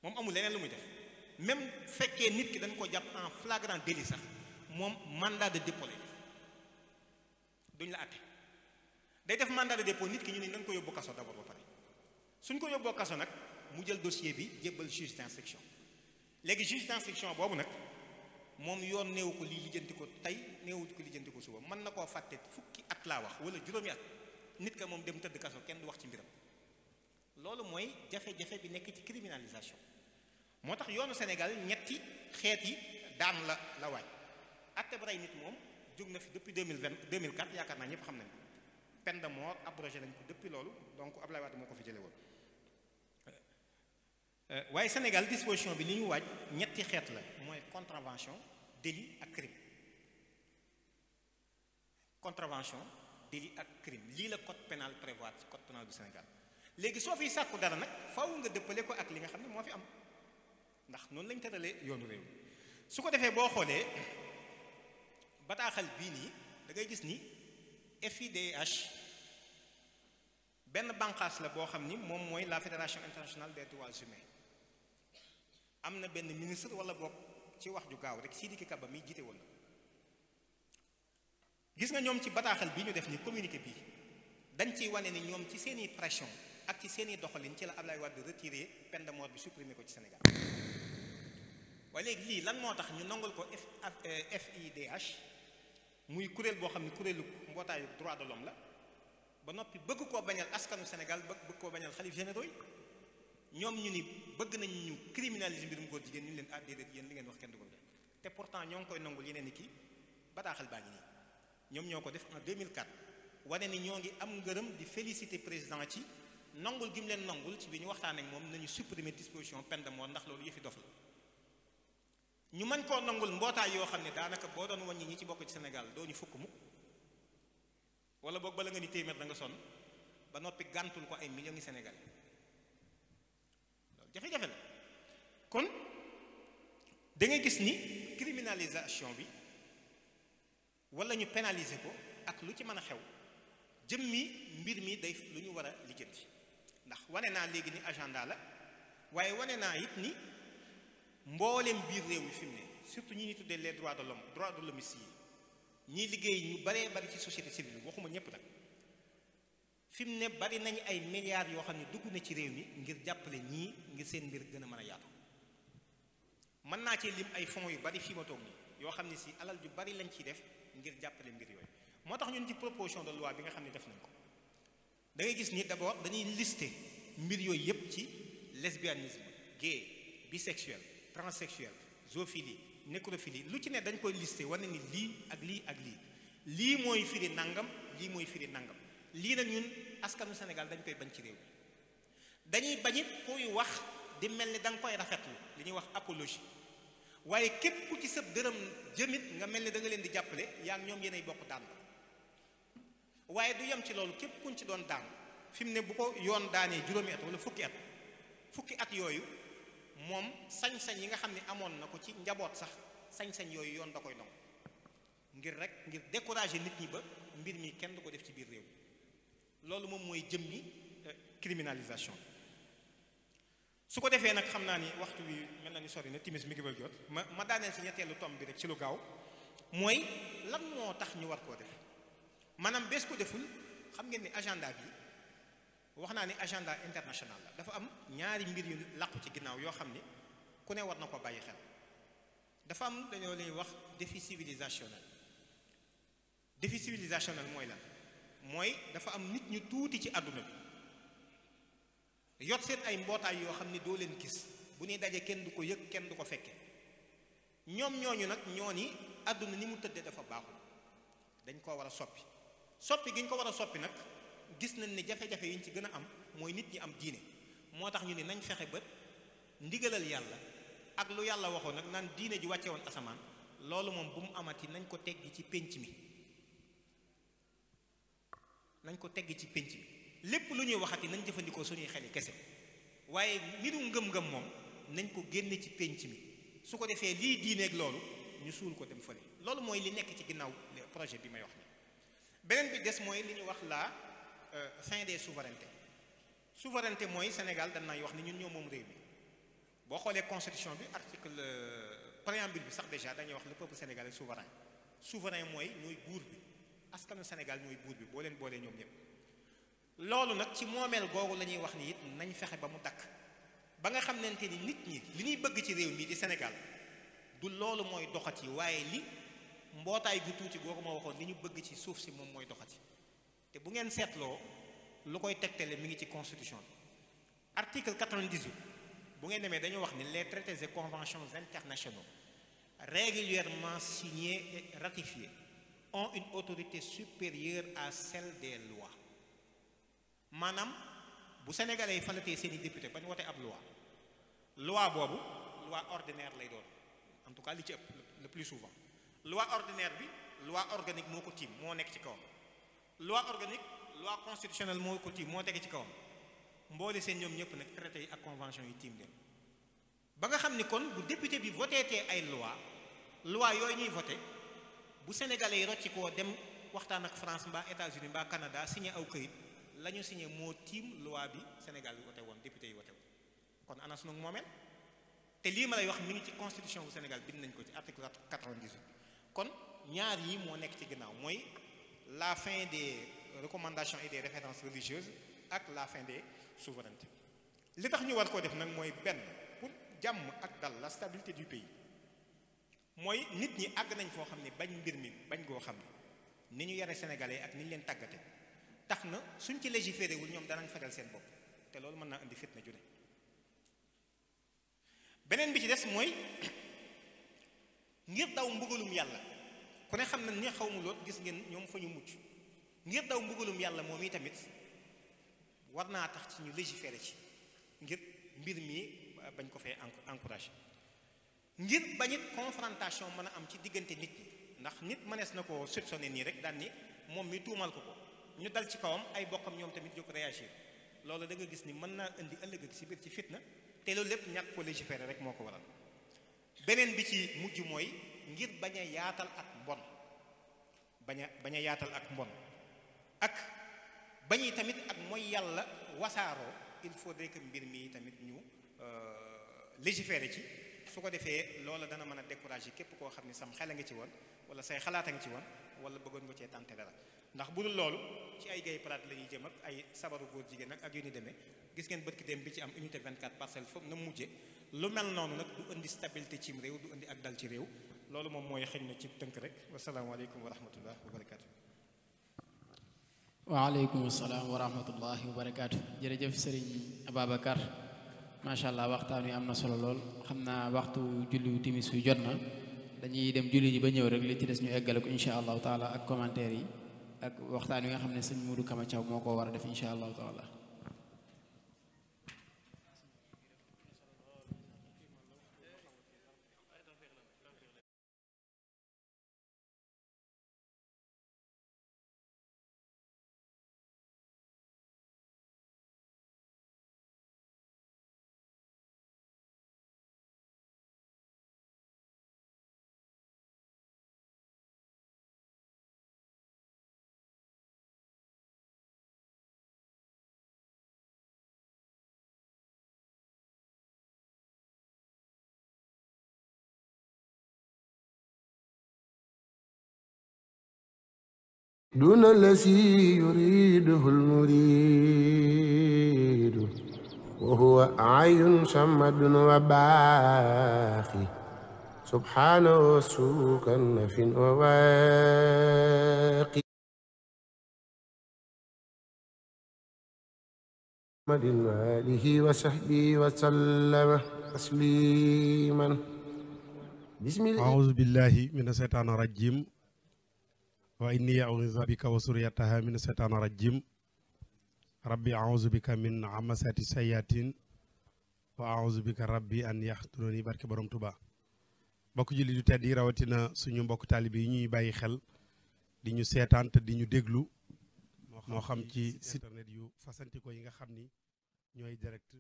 moom amul leneen lu muy def même fekkee nit ki dañ ko jàpp en flagrant délit sax moom mandat de dépôt lay duñ la àtte day def mandat de dépôt nit ki ñu ne nañ ko yóbbu kaso d'abord ba pare suñ ko yóbboo kaso nag mu jël dossier bi jébbal juge d'instruction léegi juge d'instruction boobu nag moom yoon néew ko lii lijjanti ko tey néew ko lijjanti ko suba mën na koo fàtte fukki at laa wax wala juróomi at nit ka moom dem tëdd kaso kenn du wax ci mbiram loolu mooy jafe-jafe bi nekk ci criminalisation moo tax yoonu Sénégal ñetti xeet yi daan la la waaj atte ba rey nit moom jóg na fi depuis 2020 2004 yaakaar naa ñëpp xam nañ peine de mort abrogé nañ ko depuis loolu donc Abdoulaye Wade moo ko fi jële woon Euh, waaye Sénégal disposition bi li ñu waaj ñetti xeet la mooy contravention délit ak crime contravention délit ak crime lii la code pénal prévoir ci code pénal bu Sénégal léegi soo fiy sàkku dara nag faaw nga dëppale ko ak li nga xam ne moo fi am ndax noonu lañu tëralee yoonu réew su ko defee boo xoolee bataaxal bii nii da ngay gis ni FIDH benn bànqaas la boo xam ni moom mooy la fédération internationale des droits humains am na benn ministre wala boog ci wax ju gaaw rek Sidiki Kaba mi jiite woon na gis nga ñoom ci bataaxal bi ñu def ni communiqué bi dañ ciy wane ni ñoom ci seeni pression ak ci seeni doxalin ci la Ablaye Wade retiré peine de mort bi supprimé ko ci Sénégal waaye léegi lii lan moo tax ñu nangul ko FIDH muy kuréel boo xam ne kuréelu mbootaayu droit de l'homme la ba noppi bëgg koo bañal askanu Sénégal bëgg koo bañal xalif généraux yi ñoom ñu ni bëgg nañu ñu criminaliser mbirum góor jigéen ñu leen ah déedéet yéen li ngeen wax kenn du ko def te pourtant ñoo ngi koy nangul yeneen i kii bataaxal baa ngi nii ñoom ñoo ko def en 2004 wane ni ñoo ngi am ngërëm di féliciter président ci nangul gi mu leen nangul ci bi ñu waxtaan ak moom nañu supprimer disposition peine de mort ndax loolu yëfi dof la ñu mën koo nangul mbootaay yoo xam ne daanaka boo doon wàññi ñi ci bokk ci Sénégal doo ñu fukk mukk wala boog bala nga téeméer da nga sonn ba noppi gàntul ko ay millions ngi jafe-jafe la kon da gis ni criminalisation bi wala ñu pénaliser ko ak lu ci mën a xew jëm mi mbir mi day lu ñu war a lijjanti ndax wane naa léegi ni agenda la waaye wane naa it ni mbooleem biir réew mi fi ne surtout ñi ñuy tuddee les droits de l'homme droits de l'homme yi ñiy liggéey ñu baree bari ci société civile waxuma ñëpp nag fi ne bari nañ ay milliards yoo xam ne dugg na ci réew mi ngir jàppale ñii ngir seen mbir gën a mën a yaatu mën naa ci lim ay fonds yu bari fii ma yoo xam ne si alal ju bari lañ ciy def ngir jàppale mbir yooyu moo tax ñun ci proposition de loi bi nga xam ne def nañ ko da ngay gis ni d'abord dañuy lister mbir yooyu yépp ci lesbianisme gay bisexuel transsexuel zoophilie nécrophilie lu ci ne dañ koy lister wane nit lii ak lii ak lii lii mooy firi nangam lii mooy firi nangam askanu Sénégal dañ koy bañ ci réew dañuy bañit kuy wax di mel ni da nga koy rafetlu li ñuy wax acologie waaye képp ku ci sëb dërëm jëmit nga mel ni da nga leen di jàppale yaa ngi ñoom yéenay bokk daan waaye du yem ci loolu képp kuñ ci doon daan fi mu ne bu ko yoon daanee juróomi at wala fukki at fukki at yooyu moom sañ-sañ yi nga xam ne amoon na ko ci njaboot sax sañ-sañ yooyu yoon da koy nangu ngir rek ngir décourager nit ñi ba mbir mi kenn du ko def ci biir réew loolu moom mooy jëmmi euh, criminalisation su ko defee nag xam naa ni waxtu wi mel na ni sori na timis mi ngi bëgg jot ma ma daaneel si ñetteelu tom bi rek ci lu gaaw mooy lan moo tax ñu war koo def maanaam bés ko deful xam ngeen ni agenda bi wax naa ni agenda international la dafa am ñaari mbir yu làqu ci ginnaaw yoo xam ni ku ne war na ko bàyyi xel dafa am dañoo lay wax défi civilisationnel défi civilisationnel mooy lan mooy dafa am nit ñu tuuti ci àdduna bi yot seen ay mbootaay yoo xam ni doo leen gis bu ñuy dajee kenn du ko yëg kenn du ko fekke ñoom ñooñu nag ñoo ni àdduna ni mu tëdde dafa baaxul dañ koo war a soppi soppi gi ñu ko war a soppi nag gis nañ ne jafe-jafe yi ñu ci gën a am mooy nit ñi am diine moo tax ñu ne nañ fexe ba ndigalal yàlla ak lu yàlla waxoo nag naan diine ju wàcce woon asamaan loolu moom bu mu amati nañ ko teggi ci pénc mi nañ ko tegg ci pénc bi lépp lu ñuy waxati nañ jëfandikoo suñuy xel yi kese waaye mbiru ngëm-ngëm moom nañ ko génne ci pénc mi su ko defee lii diineeg loolu ñu suul ko dem fële loolu mooy li nekk ci ginnaaw projet bi may wax ni beneen bi des mooy li ñu wax la euh, fin des souverainté souveraineté mooy Sénégal dañ naay wax ni ñun ñoo moom réew mi boo xoolee constitution bi article euh, préambule bi sax déjà dañuy wax le peuple sénégalais souverain souverain mooy bi askanu Sénégal ñooy buur bi boo leen boolee ñoom ñëpp loolu nag ci moomeel googu la ñuy wax ni it nañ fexe ba mu takk ba nga xam xamante ni nit ñi li ñuy bëgg ci réew mi di Sénégal du loolu mooy doxati waaye li mbootaay gu tuuti googu ma waxoon li ñu bëgg ci suuf si moom mooy doxati te bu ngeen seetloo lu koy tegtale mi ngi ci constitution bi article 98 bu ngeen demee dañu wax ni les traités et conventions internationaux régulièrement signés et ratifiés on une autorité supérieure à celle des lois maanaam bu sénégalais yi falatee seen i député ba ñu wote ab loi loi boobu loi ordinaire lay doon en tout cas li le plus souvent loi ordinaire bi loi organique moo ko tiim moo nekk ci kawam loi organique loi constitutionnelle moo ko tiim moo tege ci kawam mboole seen ñoom ñëpp nag traité yi ak convention yi tiim dem ba nga xam ni kon bu député bi voté tee ay loi loi yooyu ñuy voté bu sénégalais yi rocci koo dem waxtaan ak France mbaa États-Unis mbaa Canada signé aw kayit lañu ñu signé moo tiim loi bi Sénégal yi wote woon député yi wote woon kon ana sunu moomeel te lii ma lay wax mi ngi ci constitution bu Sénégal bind nañ ko ci article 98 kon ñaar yi moo nekk ci ginnaaw mooy la fin de recommandations et des références religieuses ak la fin des souverainetés li tax ñu war koo def nag mooy benn pour jàmm ak dal la stabilité du pays mooy nit ñi àgg nañ foo xam ne bañ mbir mi bañ goo xam ne ni ñu yare sénégalais ak ni ñu leen tàggate tax na suñ ci légiféré wul ñoom danañ fegal seen bopp te loolu mën naa indi fitna ju ne beneen bi ci des mooy ngir daw mbugalum yàlla ku ne xam na ni xaw mu loot gis ngeen ñoom fa ñu mucc ngir daw mbugalum yàlla moom i tamit war naa tax ci ñu légiféré ci ngir mbir mi bañ ko fee encourage ngir bañit confrontation mën a am ci diggante nit ñi ndax nit mënees na ko soupçonné nii rek daan moom mi tuumal ko ko ñu dal ci kawam ay bokkam ñoom tamit jóg réagir loolu da nga gis ni mën naa indi ëllëg ak si biir ci fitna te loolu lépp ñàkk ko légiférer rek moo ko waral beneen bi ci mujj mooy ngir bañ a yaatal ak mbon bañ a bañ a yaatal ak mbon ak bañ yi tamit ak mooy yàlla wasaaroo il faut de que mbir mi tamit ñu euh, légiférer ci su ko defee loola dana mën a décourager képp koo xam ne sam xel a ngi ci woon wala say xalaat a ngi ci woon wala bëggoon nga cee tante dara ndax bu dul loolu ci ay gay parade la ñuy jëm ak ay sabaru góor jigéen ak ak yu ni demee gis ngeen bët ki dem bi ci am unité 24 parcelle foofu na mujje lu mel noonu nag du indi stabilité cim réew du indi ak dal ci réew loolu moom mooy xëñ na ci tënk rek wasalaamaaleykum wa rahmatullah wa barakaatu. waaleykum salaam wa rahmatullah wa barakaatu jërëjëf Serigne Ababacar. macha allah waxtaan wi am na solo lool xam naa waxtu julli timis wi jot na dañuy dem julli yi ba ñëw rek li ci des ñu eggale ko incha allahu ak commentaire yi ak waxtaan wi nga xam ne sëñ Modou Kama Thiaw moo ko war a def incha allahu taala دون الذي يريده المريد وهو عين صمد وباقي سبحانه سوكا نف وواقي محمد وآله وصحبه وسلم تسليما بسم الله أعوذ بالله من الشيطان الرجيم wa inni a'uuzu bika wa suriyataha min seytaan rajim rabbi a'uuzu bika min amasati sayatin wa a'uuzu bika rabbi an yaxturoni barke borom tuba mbokk julli du tedd yi rawatina suñu mbokk taalibe yi ñuy bàyyi xel di ñu seetaan te di ñu déglu moo xam ci site internet yu fasanti yi nga xam ni ñooy direct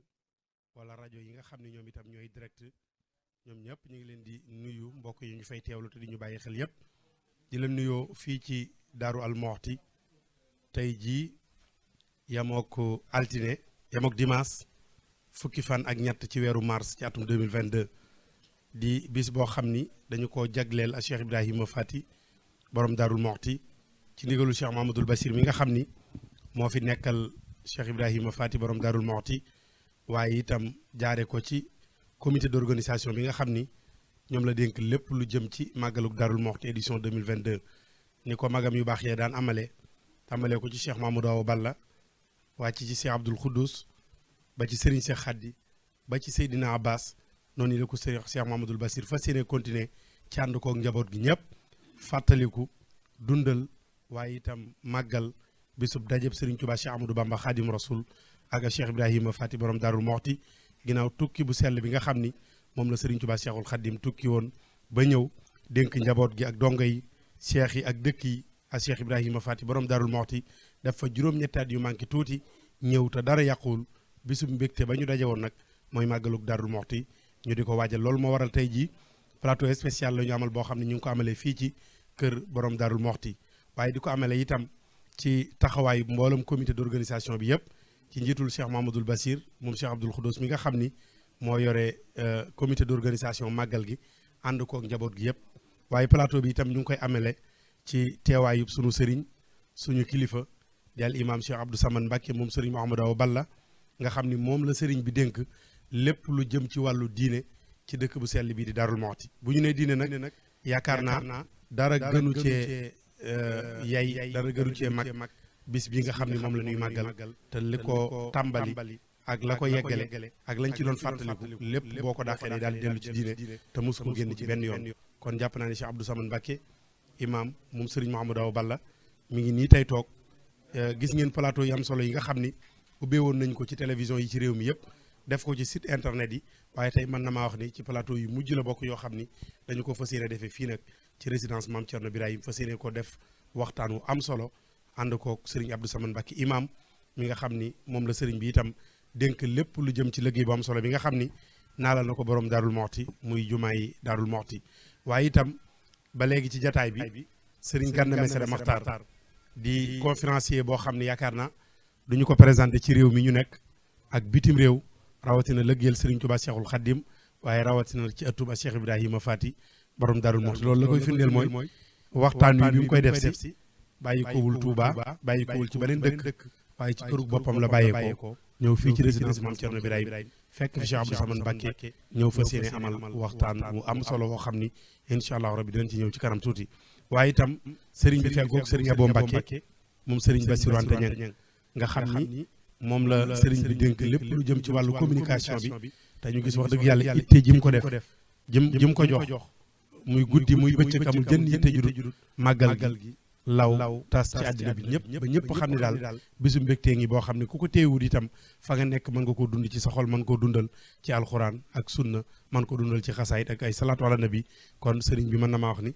wala rajo yi nga xam ne ñoom itam ñooy direct ñoom ñëpp ñu ngi leen di nuyu mbokk yi ñu fay teewlu te di ñu bàyyi xel yëpp di la nuyoo fii ci Daaru moxti tey jii yamook altine yamook dimanche fukki fan ak ñett ci weeru mars ci atum 2022 di bis boo xam ni dañu ko jagleel a Cheikh Ibrahima Fati borom Daarul Moxti ci ndigalu Cheikh Mahamadul Basir mi nga xam ni moo fi nekkal Cheikh Ibrahima Fati borom Daarul Moxti waaye itam jaare ko ci comité d'organisation bi nga xam ni ñoom la dénk lépp lu jëm ci màggaluk Darou Mouhty édition 2022 ni ko magam yu baax yee daan amale tàmbalee ko ci Cheikh Mamadou Awa Balla wàcc ci Cheikh Abdoul Khoudous ba ci Serigne Cheikh Khadi ba ci Seydina Abbas noonu la ko Serigne Cheikh Mamadou Bassir fa yéene continuer ci ànd koog njaboot gi ñëpp fàttaliku dundal waaye itam màggal bisub dajeb Serigne Touba Cheikh Amadou Bamba Khadim Rasoul ak Cheikh Ibrahima Fati borom Darou Mouhty ginnaaw tukki bu sell bi nga xam ni moom la Serigne Touba Cheikhul Khadim tukki woon ba ñëw dénk njaboot gi ak dongo yi seex yi ak dëkk yi ak Cheikh Ibrahima Fati borom Darou Mouhty def fa juróom-ñetti yu manqué tuuti ñëw te dara yàquwul bisum mbégte ba ñu daje woon nag mooy màggalug Darou Mouhty ñu di ko waajal loolu moo waral tey jii plateau spécial la ñu amal boo xam ne ñu ngi ko amalee fii ci kër borom Darou Mouhty waaye di ko amalee itam ci taxawaay mboolem comité d'organisation bi yëpp ci njiitul Cheikh Mamadou Bassir moom nga xam ni moo yore euh, comité d'organisation màggal gi ànd kook njaboot gi yëpp waaye plateau bi itam ñu ngi koy amele ci teewaayu sunu sëriñ suñu kilifa di al imaam Cheikh Abdou Samane Mbacke moom sëriñ Mouhamadou Awa Balla nga xam ni moom la sëriñ bi dénk lépp lu jëm ci wàllu diine ci dëkk bu sell bii di Darou Mouhty bu ñu nee diine nag yaakaar naa dara gënu cee euh, yay dara gënu cee mag bis bi nga xam ne moom la ñuy màggal te li ko tàmbali ak la ko yeggale ak lañ ci doon fàttaliku lépp boo ko daaxee day daal di dellu ci diine te mos ko génn ci benn yoon kon jàpp naa ne ngi nii tey toog euh, gis ngeen plateau yi solo yi nga xam ni ubbee woon nañ ko ci télévision yi ci réew mi yëpp def ko ci site internet yi waaye tey mën na maa wax ni ci plateau yu mujj la bokk yoo xam ni dañu ko fas yéene defee fii nag ci résidence Mame Thierno Birahim fas yéene ko def waxtaan wu am solo ànd koog Serigne Abdou Samane Mbacke imam mi nga xam ni moom la Serigne bi itam dénk lépp lu jëm ci liggéey bu am solo bi nga xam ni naalal na ko borom Darou Mouhty muy jumaa yi Darou Mouhty waaye itam ba léegi ci jataay bi Serigne Ganna Messere Maxtaar di conférencier boo xam ne yaakaar na du ñu ko présenté ci réew mi ñu nekk ak bitim réew rawatina lëggeel Serigne Touba Cheikhul Khadim waaye rawatina ci ëttub Cheikh Ibrahima Fati borom Darou Mouhty loolu la koy firndeel mooy waxtaan wi bi mu koy def si bàyyi kowul Touba bàyyi kowul ci beneen dëkk waaye ci kërug boppam la bàyyeekoo ñëw fii ci résidence Mame Thierno Birahim fekk fi Cheikh Abdou Samane Mbacké ñëw fa séene amal waxtaan bu am solo woo xam ni incha allah rabbi dinañ ci ñëw ci kanam tuuti waaye itam Serigne bi fekkoog Serigne Abo Mbacké moom Serigne ba Anta Niang nga xam ni moom la Serigne bi dénk lépp lu jëm ci wàllu communication bi te ñu gis wax dëgg yàlla itte ji mu ko def jëm jëm ko jox muy guddi muy bëccëg amul jën yitte ju dul màggal gi law tas ci àddina bi ñëpp ba ñëpp xam ne daal bisu mbégtee ngi boo xam ne ku ko teewul itam fa nga nekk mën nga koo dund ci sa xol mën koo dundal ci alxuraan ak sunna mën koo dundal ci xasaayit ak ay salaatu na bi kon sëriñ bi mën na maa wax ni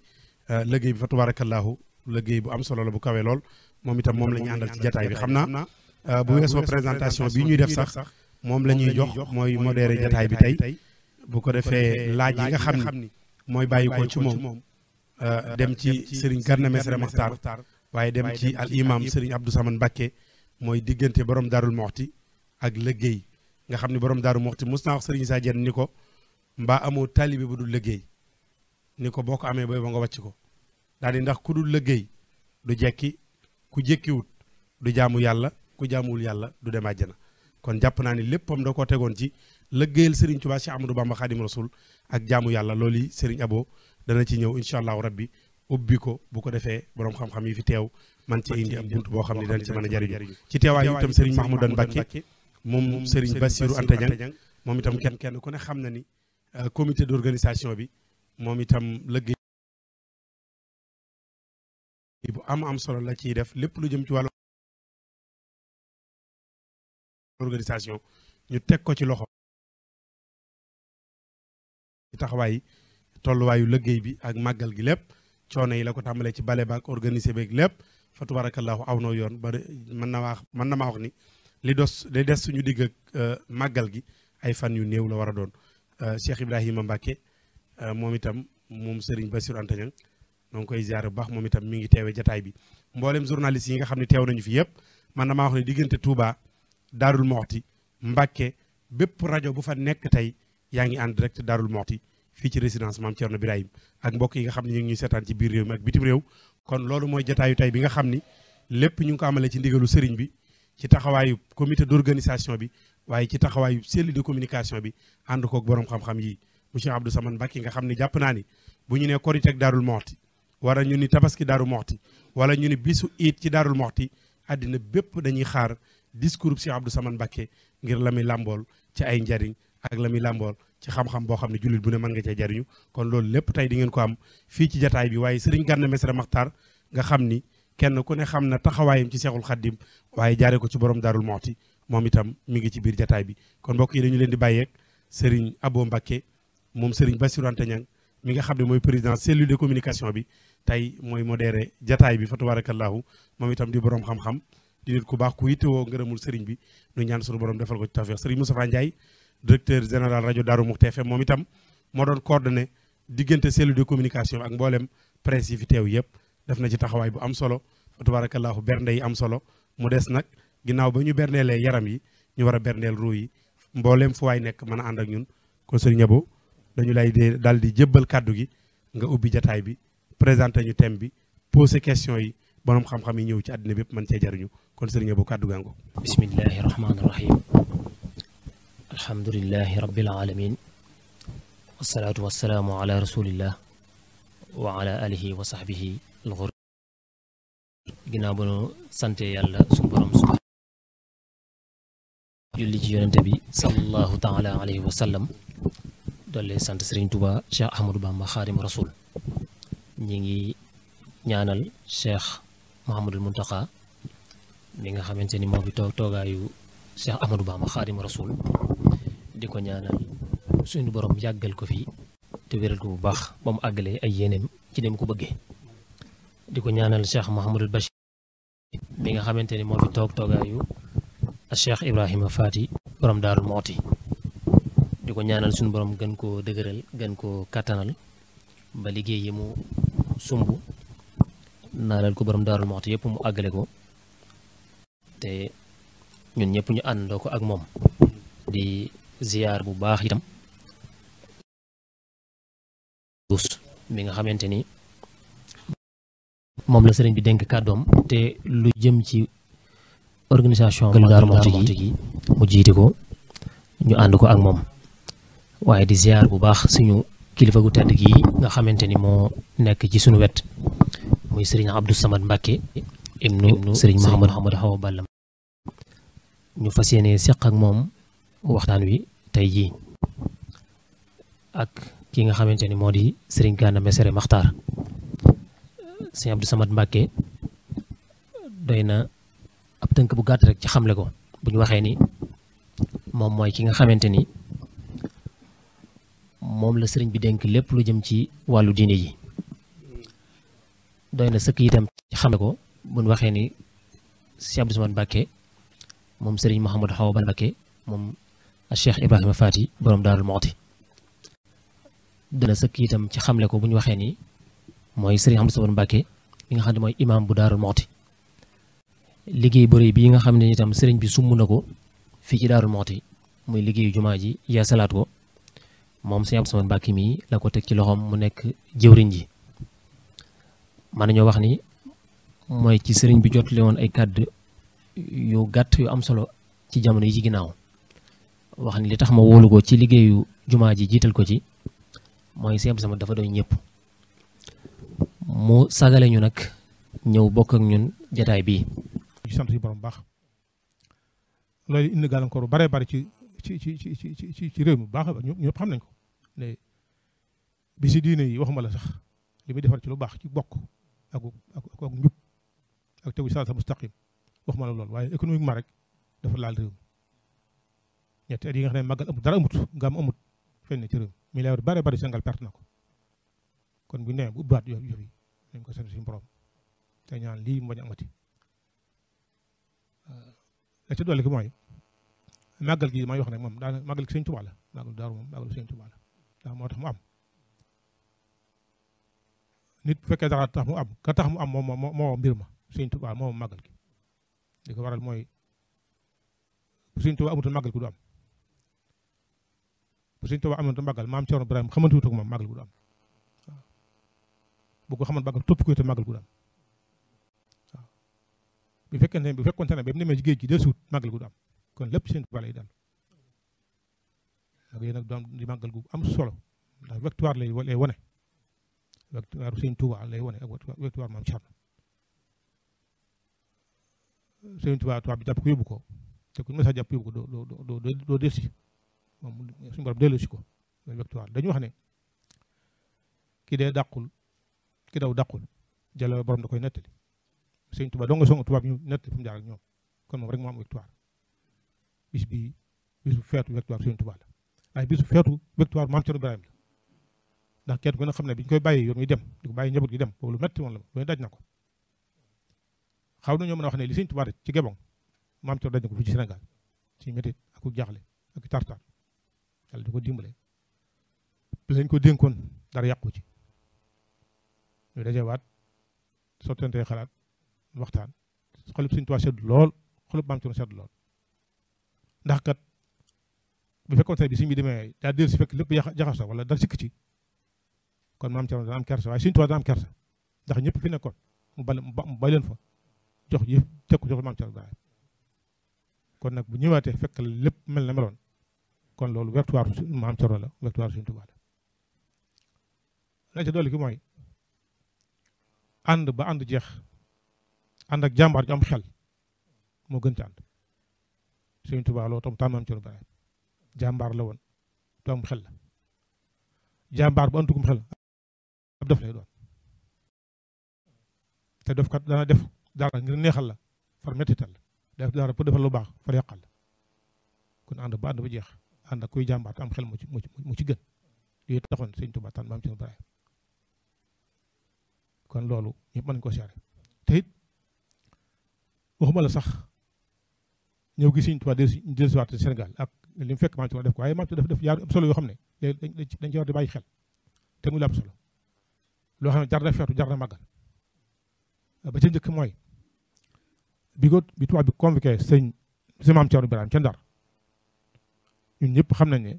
euh, liggéey bi fa tabaarakallaahu liggéey bu am solo la bu kawee lool moom itam moom la ñuy àndal ci jataay bi xam naa euh, bu euh, weesoo présentation bi ñuy def sax moom la ñuy jox mooy modéré jataay bi tey bu ko defee laaj yi nga xam ni mooy bàyyi ko ci moom Euh, dem ci sëriñ Gana Messere Maxtaar waaye dem ci al imam sëriñ Abdou Samane Mbacké mooy diggante borom daarul moxti ak liggéey nga xam ne borom daaru moxti mos naa wax sëriñ saa jenn ni ko mbaa amoo taalibe bu dul liggéey ni ko boo ko amee booy ba nga wàcc ko daal di ndax ku dul liggéey du jekki ku jékkiwut du jaamu yàlla ku jaamuwul yàlla du dem àjjana kon jàpp naa ni léppam da koo tegoon ci liggéeyal sëriñ Tuubaa Cheikh Amadou Bamba Xaadim Rasul ak jaamu yàlla loolu yi sëriñ dana ci ñëw incha allahu rabbi ubbi ko bu ko defee boroom xam-xam yi fi teew man ci indi ab bunt boo xam ni dañ ci mën a jariñu ci teewaay yi itam Serigne Mahmoudan Mbacké moom Serigne Bassirou Anta Niang moom itam kenn kenn ku ne xam na ni euh, comité d'organisation bi moom itam lëggéey bu am am solo la ciy def lépp lu jëm ci wàllu teg ko ci loxo taxawaay tolluwaayu liggéey bi ak màggal gi lépp coono yi la ko tàmbalee ci bale baak organisé beeg lépp fa tubaarakallaahu aw noo yoon ba mën na wax mën na ma wax ni li dos li des suñu digg ak euh, màggal gi ay fan yu néew la war a doon euh, Cheikh Ibrahima Mbacke euh, moom itam moom Serigne Bassirou Anta Niang koy ziare bu moom itam mi ngi teewee jataay bi mboolem journaliste yi nga xam ne teew nañu fi yëpp man damaa wax ne diggante Touba Darou Mokhti Mbacke bépp rajo bu fa nekk tey yaa ngi en direct Darou Mokhti fii ci résidence maam Thierno Birahim ak mbokk yi nga xam ne ñu ngi ñuy seetaan ci biir réew mi ak bitim réew kon loolu mooy jotaayu tey bi nga xam ni lépp ñu ngi ko amalee ci ndigalu sëriñ bi ci taxawaayu comité d'organisation bi waaye ci taxawaayu cellule de communication bi ànd kook borom xam-xam yi monsieur Abdou Samane Mbacke nga xam ni jàpp naa ni bu ñu nee Koriteeg Daarul Moxti wala ñu ni Tabaski Daarul Moxti wala ñu ni bisu iit ci Daarul Moxti àddina bépp dañuy xaar discours Cheikh Abdou Samane Mbacke ngir la muy làmbool ci ay njariñ ak la muy làmbool ci xam-xam boo xam ne jullit bu ne mën nga cee jariñu kon loolu lépp tey dingeen ko am fii ci jataay bi waaye sëriñ Gana Messere Maxtaar nga xam ni kenn ku ne xam na taxawaayam ci seexul xaddim waaye jaare ko ci borom daarul moxti moom itam mi ngi ci biir jataay bi kon mbokk yi ñu leen di bàyyeek sëriñ Abo Mbakke moom sëriñ Bassirou Anta Niang mi nga xam ne mooy président cellule de communication bi tey mooy modéré jataay bi fa tabarakallahu moom itam di borom xam di ku baax ku yittewoo ngërëmul sëriñ bi nu ñaan sunu borom defal ko ci tawfeex sëriñ Moustapha Ndiaye directeur général rajo Darou Mouhty FM moom itam moo doon coordonné diggante cellule de communication ak mboolem presse yi fi teew yëpp def na ci taxawaay bu am solo fa tabarakallahu bernde yi am solo mu des nag ginaaw ba ñu berndeelee yaram yi ñu war a berndeel ru yi mboolem fu waay nekk mën a ànd ak ñun kon sëriñ Abo dañu lay dee daal di jébbal kàddu gi nga ubbi jataay bi présenté ñu thème bi posé question yi borom xam-xam yi ñëw ci àddina bépp mën cee jariñu kon sëriñ Abo kàddu gaango bismillahi rahmaani alhamdulilahi rabbil alamin wasalaatu wasalaamu ala rasulillah wa ala alihi wa julli ci yonente bi salallahu taala alayhi wa sant Sëriñ Tuba Cheikh Ahmadou Rasul ñi ngi ñaanal Cheikh Mouhamadul Muntaqa mi nga xamante ni moo fi toog toogaayu Cheikh Ahmadou Bamba Rasul di ko ñaanal suñu borom yàggal ko fii te wéral ko bu baax ba mu àggalee ay yéeneem ci dem ko bëggee di ko ñaanal Cheikh Mouhamadul Bachir bi nga xamante ni moo fi toog toogaayu ak Cheikh Ibrahima Faati boroom Daarul Mooti di ko ñaanal suñu borom gën koo dëgëral gën koo kàttanal ba liggéey yi mu sumb naanal ko borom Daarul Mooti yépp mu àggale ko te ñun ñëpp ñu àndandoo ko ak moom di ziyaar bu baax itam mi nga xamante ni moom la sëriñ bi dénk kàddoom te lu jëm ci organisation Daaru Muxti mu jiite ko ñu ànd ko ak moom waaye di ziyaar bu baax suñu kilifa gu tedd gi nga xamante ni moo nekk ci suñu wet muy sëriñ Abdou Samad Mbacke ibnu sëriñ Mouhamadou Xawa Balla ñu fas yéene seq ak moom waxtaan wi tey jii ak ki nga xamante ni moo di Serigne Gana Messere Maxtaar Serigne Abdou Samad Mbacke doy na ab tënk bu gàtt rek ci xamle ko bu ñu waxee ni moom mooy ki nga xamante ni moom la sëriñ bi dénk lépp lu jëm ci wàllu diine yi doy na sëkk itam ci xamle ko bu waxee ni Serigne Abdou Samad Mbacke moom sëriñ Mouhamadou Xawa Mbacke moom Cheikh Ibrahima Faty boroom Daarul Muxti dana sëkk itam ci xamle ko bu ñu waxee nii mooy Sëriñ Amdu Sabar Mbàkke bi nga xam ne mooy imaam bu Daarul Muxti liggéey bëri bii nga xam ne itam sëriñ bi sumb na ko fii ci Daarul Muxti muy liggéeyu jumaa ji yaa salaat ko moom Sëriñ Amdu Sabar Mbàkke mii la ko teg ci loxoom mu nekk jëwriñ ji mën nañoo wax ni mooy ci sëriñ bi jot woon ay kàdd yu gàtt yu am solo ci jamono yi ci ginnaaw wax ni li tax ma wóolu ko ci liggéeyu jumaa ji jiital ko ci mooy Sëñ Abdou Samad dafa doy ñëpp mu sagale ñu nag ñëw bokk ak ñun jataay bi di sant borom baax loolu indi gàllankoor bu bare bare ci ci ci bu baax ñëpp xam nañ ko ne diine yi waxuma la sax li muy defar ci lu baax ci bokk ak ak ak njub ak tegu si mustaqim waxuma la lool waaye économiquement rek dafa laal réew ñetti at yi nga xam ne màggal amut dara amut nga am amut feeñ na ci réew mi milliard bare bare Sénégal perte ko kon bu ne bu ubbaat yof yof yi dañ ko sant suñu borom te ñaan lii mu bañ amati euh, la ca ki mooy màggal gi may wax ne moom daanaka màggal gi sëñ Tuubaa la màggal daaru moom màggal sëñ moo tax bu fekkee dara tax mu am mu am moom moo moo mbir ma sëñ Tuubaa moo màggal gi li waral mooy sëñ Tuubaa amutoon màggal gi du am bu Sëñ Tuubaa amoon te màggal maam Cerno Ibrahima xamante wutoog moom màggal gu du am waaw bu ko xaman màggal topp ko te màggal gu du am waaw bu fekkente ne bu fekkonte ne ba mu demee ci géej gi dellusiwut màggal gu du am kon lépp Sëñ Tuubaa lay dal ak yéen nag du am di màggal gu am solo ndax victoire lay lay wane victoire Sëñ Tuubaa lay wane ak victoire maam Cerno Sëñ Tuubaa tubaab bi jàpp ko yóbbu ko te ku ñu mës a jàpp yóbbu ko doo doo doo doo doo desi moom suñu borom delloosi ko loolu victoire dañu wax ne ki dee dàqul ki daw dàqul jëla borom da koy nettali sëñ tubaab doo nga songu tubaab ñu nettali fu mu jaar ak ñoom kon moom rek moo am victoire bis bi bisu feetu victoire sëñ tubaab waaye bisu feetu victoire maam Cerno Ibrahima la ndax kenn xam ne bi koy bàyyi yoon muy dem di ko bàyyi njaboot gi dem boobu lu metti woon ma lu daj na ko xaw nañoo mën a wax ne li sëñ tubaab ci Gabon maam Cerno daj na ko fii ci senegal ci métit ak jaaxle ak tartaan yàlla di ko dimbale lañ ko dénkoon dara yàqu ci ñu dajewaat sottantee xalaat waxtaan xolub Sëñ Tuubaa sedd lool xolub maam sedd lool ndax kat bu fekkoon tey bi suñ bi demee daa dellu si fekk lépp jaxasoo wala dara sikk ci kon maam Cerno dana am kersa waaye Sëñ Tuubaa dana am kersa ndax ñëpp fi nekkoon mu bal mu bay leen fa jox yëf tekku jox maam Cerno daal kon nag bu waate fekk lépp mel na meloon kon loolu webtuwaar maam Cerno la webtuwaar Sëriñ Tuubaa la la ki mooy ànd ba ànd jeex ànd ak jàmbaar ju xel moo gën ci ànd la woon du am xel la jàmbaar bu antukum xel ab def lay doon te def kat dana def dara ngir neexal la far mettital la pour defal lu baax far yàqal kon ànd ba ànd ba jeex ànd ak kuy jàmbaat am xel mu ci mu ci gën yooyu taxoon sëñ Tuubaa tànn maam Cerno Ibrahima kon loolu ñëpp mën nañu ko siyaare te it waxuma la sax ñëw gi siñ Tuubaa del si waat Sénégal ak li fekk maam Cerno def ko waaye maam Cerno def def am solo yoo xam ne léegi dañ ci war di bàyyi xel te muy la am solo loo xam ne jar na feetu jar na màggal ba ca njëkk mooy bi ko bi tubaab bi convoqué sëñ si maam Cerno Ibrahima ca Ndar ñun ñëpp xam nañ ne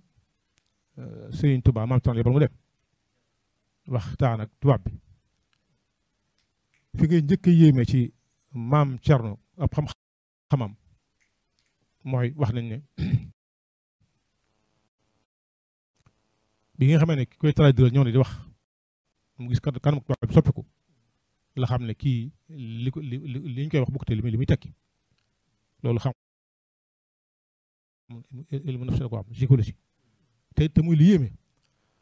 euh, Serigne Touba maam Thierno yebal mu dem waxtaan ak tubaab bi fi ngay njëkk a yéeme ci maam Thierno ab xam-xamam mooy wax nañ ne bi nga xamane ki koy traduire ñoo ne di wax mu gis kanam tubaab bi soppiku la xam ne kii li ko li li ñu koy wax bokkute li muy tekki loolu xam ilmu nafsi la ko am géologie te te muy lu yéeme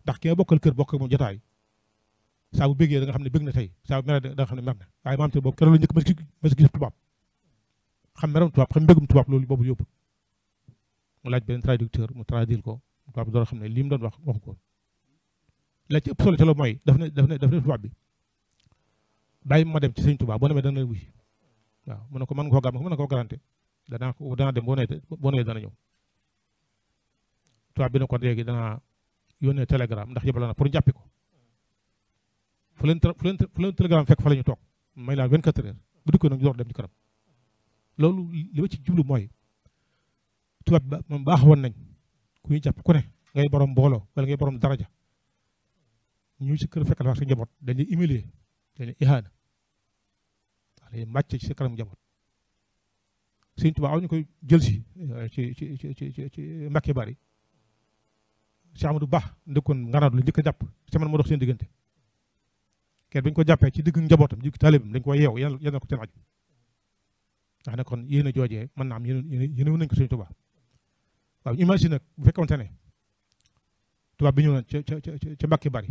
ndax ki nga bokkal kër bokk moom jotaay saa bu bëggee da xam ne bëgg na tey saa bu mere da nga xam ne mer na waaye maam te boobu keroog la xam meram tubaab loolu boobu yóbbu mu laaj benn traducteur mu traduire ko tubaab bi xam ne li mu doon wax waxu ko la ci ëpp solo ci la mooy daf ne daf ne daf ne tubaab bi bàyyi ma dem ci sëñ tubaab boo demee dana wuy waaw mu ne ko mën nga ko na ko garanté danaa ko danaa dem boo nee boo nee dana ñëw waa bi ne ko léegi danaa yónnee télégramme ndax yebal na pour jàppi ko fu leen fu fekk fa ñu toog may laa 24 heures bu dikkee nag ñu door dem ci kanam loolu li ma ci jublu mooy tubaab bi moom baax woon nañ ku ñu jàpp ku ngay borom mbooloo wala ngay borom daraja ñu ci kër fekkal fa sa njaboot dañuy humilier dañuy ihaana dañuy màcc ci sa kanam njaboot Sëñ Tuubaa aw ñu koy jël si ci ci ci ci ci Mbàkke u baax Ba ndëkkoon nganaat lu njëkk jàpp semaine moo dox seen diggante kenn bañ ko jàppee ci digg njaboot digg taalibam dañ ko yeew yenal ko ci laaj ndax ne kon yéen a joojee mën naa am yéen yéen nañ ko Sëriñ Tuubaa nag bu fekkonte ne tubaab bi ñëw na ca ca ca Mbàkke bari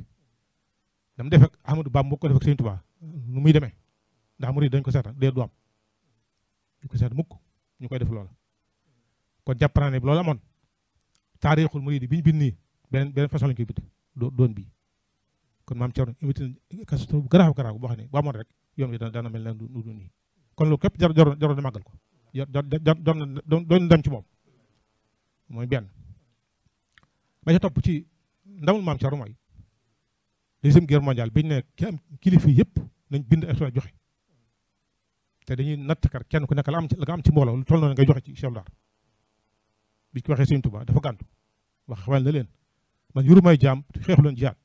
dam def ak Amadou Ba moo ko def ak Sëriñ nu muy deme ndax murid dañ ko seetaan dee du ñu ko seet mukk ñu koy def loola kon jàpp naa ne loolu amoon taarixul murid bi ñu bind nii beneen beneen façon lañ koy bind doon bi kon maam Thierno imité na catastrophe bu garaaw garaaw boo xam ne bu amoon rek yoon wi dana dana mel ne du du nii kon loolu jar jar jar na màggal ko jar jar jar doon dem ci moom mooy benn. ba ca ci ndamul maam Thierno mooy deuxième guerre mondiale ne ki am kilifa yëpp nañ bind ay soo te dañuy natt kar kenn ku nekk la am ci la am ci mbooloo lu toll noonu ngay joxe ci chef d'art bi ci waxee Sëriñ Tuubaa dafa gàntu wax xamal na leen. man yuru may jaam xeexu leen jaam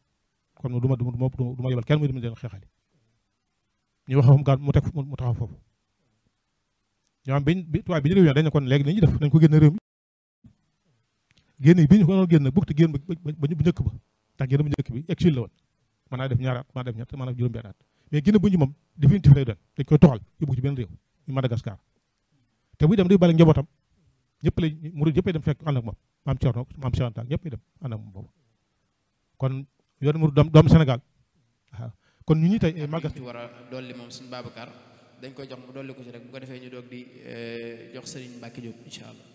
kon du ma du ma du ma yebal kenn muy dem leen xeexali ñu wax gaan mu teg mu taxaw foofu ñoo am bi bi ñu réunion dañ kon léegi nañu def nañ ko génne réew mi génn bi ñu ko doon génn ba bu njëkk ba ndax génn bu njëkk bi exil la woon mën naa def ñaari at mën naa def ñett mën naa juróom benn at mais génn bu ñu moom définitif lay doon dañ koy toxal yóbbu ci benn réew ñu Madagascar te buy dem day bale njabootam ñëpp lay murid yëppay dem fekk ànd ak moom maam Thierno maam Cheikh Anta ñëppay dem ànd ak moom boobu kon yoonu murid doom doomu Sénégal waaw kon ñu ñi tey eh, màggal ci war a dolli moom suñu Babacar dañ koy jox mu dolli ko ci rek bu ko defee ñu doog di eh, jox Serigne Mbacke Diop incha allah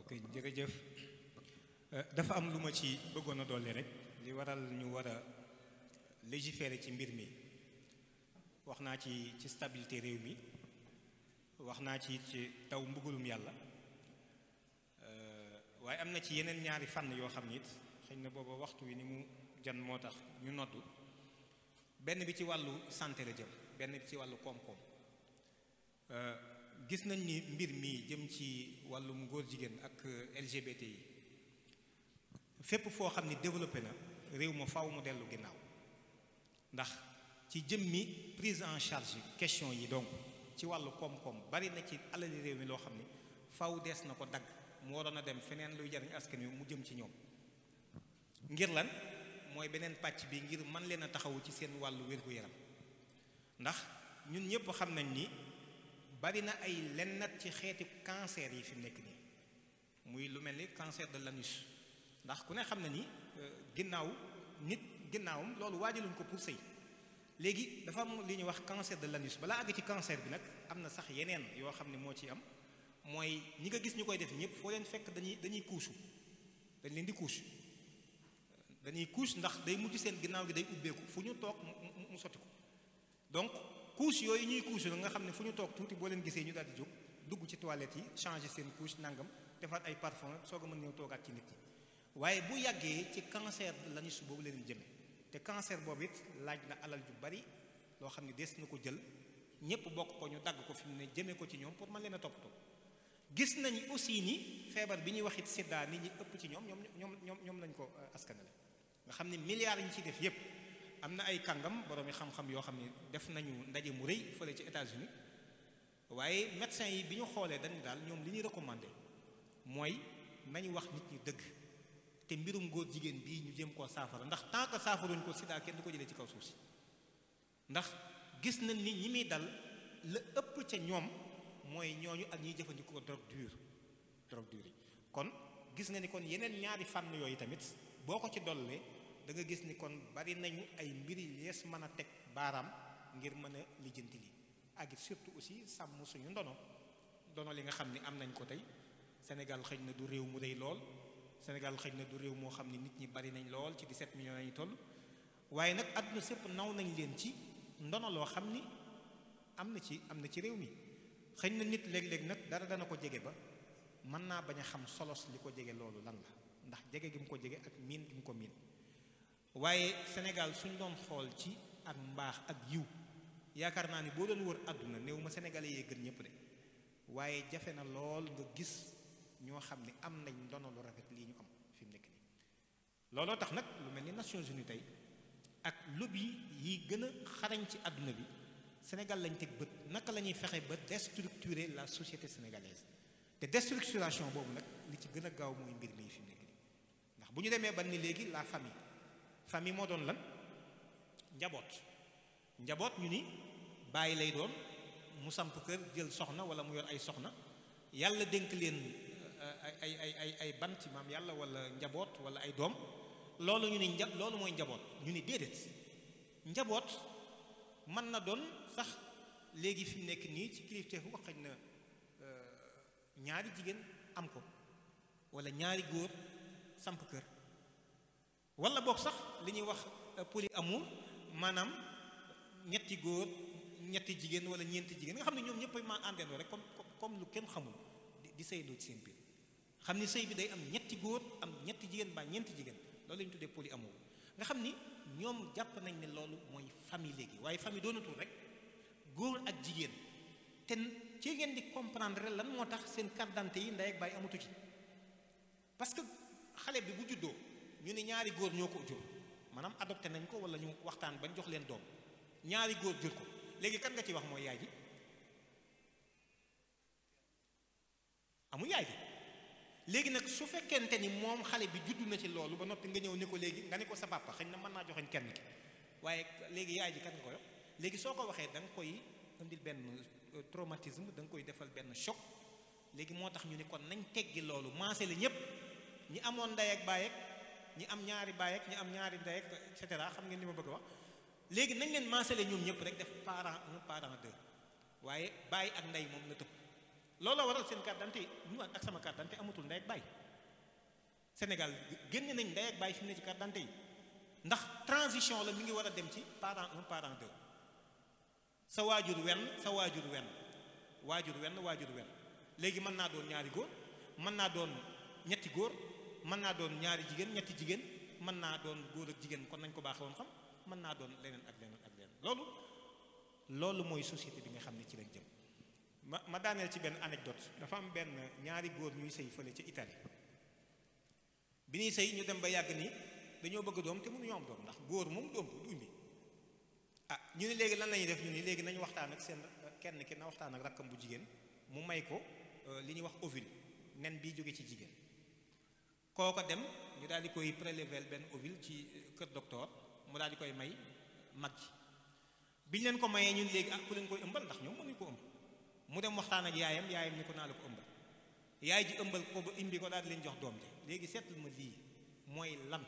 ok jërëjëf euh, dafa am lu ma ci bëggoon a dolli rek li waral ñu war a légiférer ci mbir mi wax naa ci ci stabilité réew mi wax naa ci it ci taw mbugulum yàlla euh, waaye am na ci yeneen ñaari fànn yoo xam ni it xëy na booba waxtu wi ni mu jan moo tax ñu noddu benn bi ci wàllu santé la jëm benn bi ci wàllu koom-koom euh, gis nañ ni mbir mi jëm ci wàllum góor jigéen ak LGBT yi fépp foo xam ni développé na réew ma faw mu dellu ginnaaw ndax ci jëm mi prise en charge question yi donc ci wàllu koom-koom bari na ci alali réew mi loo xam ni faw dees na ko dagg mu waroon a dem feneen luy jariñ askan wi mu jëm ci ñoom ngir lan mooy beneen pàcc bi ngir man leen a taxawu ci seen wàllu wér-gu-yaram ndax ñun ñëpp xam nañ ni bari na ay lennat ci xeeti cancer yi fi mu nekk nii muy lu mel ni cancer de l'anus ndax ku ne xam na ni euh, ginnaaw nit ginnaawam loolu waajaluñ ko pour sëy léegi dafa am li ñuy wax cancer de l'anus balaa àgg ci cancer bi nag am na sax yeneen yoo xam ne moo ci am mooy ñi nga gis ñu koy def ñëpp foo leen fekk dañuy dañuy kuusu dañ leen di kuus dañuy couche ndax day mujj seen ginnaaw gi day ubbeeku fu ñu toog mu sotti ko donc couche yooyu ñuy couche la nga xam ne fu ñu toog tuuti boo leen gisee ñu daal di jóg dugg ci toilette yi changer seen couche nangam defaat ay parfum soo a mën ñëw toogaat ci nit ñi waaye bu yàggee ci cancer de l'anus boobu leen jëmee te cancer boobu it laaj na alal ju bari loo xam ne des na ko jël ñépp bokk ko ñu dagg ko fi mu ne jëmee ko ci ñoom pour mën leen a toppatoo gis nañ aussi ni feebar bi ñuy wax it sida nit ñi ëpp ci ñoom ñoom ñoom ñoom ñoom lañ ko euh, askanale nga xam ne milliards yi ñu ciy def yépp am na ay kàngam borom yi xam-xam yoo xam ne def nañu ndaje mu rëy fële ci États-Unis waaye médecins yi bi ñu xoolee dañu daal ñoom li ñuy recommandé mooy nañu wax nit ñi dëgg. te mbirum góor jigéen bii ñu jëm koo saafara ndax tant que saafaruñ ko sida kenn du ko jëlee ci kaw suuf si ndax gis na ni ñi muy dal la ëpp ca ñoom mooy ñooñu ak ñiy jëfandikoo drogue dure drogue dure yi kon gis na ni kon yeneen ñaari fànn yooyu tamit boo ko ci dollee da nga gis ni kon bari nañu ay mbir yi lees mën a teg baaraam ngir mën a lijjanti li ak it surtout aussi sàmm suñu ndono ndono li nga xam ne am nañ ko tey Sénégal xëy na du réew mu rëy lool Sénégal xëñ na du réew moo xam ne nit ñi bari nañ lool ci 17 millions yi toll waaye nag àdduna sépp naw nañ leen ci ndono loo xam ni am na ci am na ci réew mi xëñ na nit léeg-léeg nag dara dana ko jege ba mën naa bañ a xam solos li ko jege loolu lan la ndax jege gi mu ko jege ak miin gi mu ko miin waaye Sénégal suñ doon xool ci ak mbaax ak yiw yaakaar naa ni boo doon wër àdduna néew ma sénégalais yee gën ñëpp de waaye jafe na lool nga gis ñoo xam ni am nañ ndono lu rafet lii ñu am fi nekk nii looloo tax nag lu mel ni Nations Unies tey ak lobby yi gën a xarañ ci àdduna bi Sénégal lañ teg bët naka la ñuy fexe ba déstructurer la société sénégalaise te déstructuration boobu nag li ci gën a gaaw mooy mbir mii fi nekk nii ndax bu ñu demee ban ni léegi la famille famille moo doon lan njaboot njaboot ñu ni bàyyi lay doon mu samp kër jël soxna wala mu yor ay soxna yàlla dénk leen ay ay ay ay bant maam yàlla wala njaboot wala ay doom loolu ñu ne nja loolu mooy njaboot ñu ni déedéet njaboot mën na doon sax léegi fi mu nekk nii ci kilifteefu xëy na euh, ñaari jigéen am ko wala ñaari góor samp kër wala boog sax li ñuy wax euh, polyamour maanaam ñetti góor ñetti jigéen wala ñeenti jigéen nga xam ne ñoom ñëpp ma àndandoo rek comme comme lu kenn xamul di sayndoo ci seen biir xam ni sëy bi day am ñetti góor am ñetti jigéen mbaa ñeenti jigéen loolu la ñu tuddee polyamour nga xam ni ñoom jàpp nañ ne loolu mooy famille léegi waaye famille doonatul rek góor ak jigéen te ci ngeen di comprendre lan moo tax seen carte d'identité yi ndey ak baay amatu ci parce que xale bi bu juddoo ñu ne ñaari góor ñoo ko jur maanaam adopté nañ ko wala ñu waxtaan bañ jox leen doom ñaari góor jur ko léegi kan nga ci wax mooy yaay ji amul léegi nag su fekkente ni moom xale bi juddu na ci loolu ba noppi nga ñëw ni ko léegi nga ne ko sa papa xëy na mën naa joxeñ kenn waaye léegi yaay ji kan ko yox léegi soo ko waxee da koy indil benn euh, traumatisme da koy defal benn choc léegi moo tax ñu ne kon nañ teggi loolu maase la ñëpp ñi amoon ndey ak baay ak am ñaari baay ak am ñaari ndey ak xam ngeen li ma bëgg a léegi nañ leen maase la ñoom ñëpp rek def parent un parent deux waaye bàyyi ak ndey moom na tëb la waral seen carte d'identité ñu ak sama carte d'identité amatul ndey ak baay Sénégal génne nañ ndey ak baay fi mu ne ci carte yi ndax transition la mi ngi war a dem ci parent un parent deux sa waajur wenn sa waajur wenn waajur wenn waajur wenn léegi mën naa doon ñaari góor mën naa doon ñetti góor mën naa doon ñaari jigéen ñetti jigéen mën naa doon góor ak jigéen kon nañ ko baaxe xam mën naa doon leneen ak leneen ak leneen loolu loolu mooy société bi nga xam ne ci lañ jëm ma ma daaneel ci benn anecdote dafa am benn ñaari góor ñuy sëy fële ca Italie bi ñuy sëy ñu dem ba yàgg ni dañoo bëgg doom te mënuñoo am doom ndax góor moom doom du umbi ah, ñu ne léegi lan la def ñu léegi nañu waxtaan ak seen kenn ki na waxtaan ak bu jigéen mu may ko euh, li ñuy wax ovule nen bi jóge ci jigéen kooko dem ñu daal di koy prélever benn ovule ci euh, kër docteur mu daal di koy may mag ji biñ leen ko mayee ñun léegi ah ku leen koy ëmbal ndax ñoom mënuñu ko ëmb mu dem waxtaan ak yaayam yaayam ni ko naa la ko ëmbal yaay ji ëmbal ko ba indi ko daal leen jox doom ji léegi seetlu ma lii mooy lan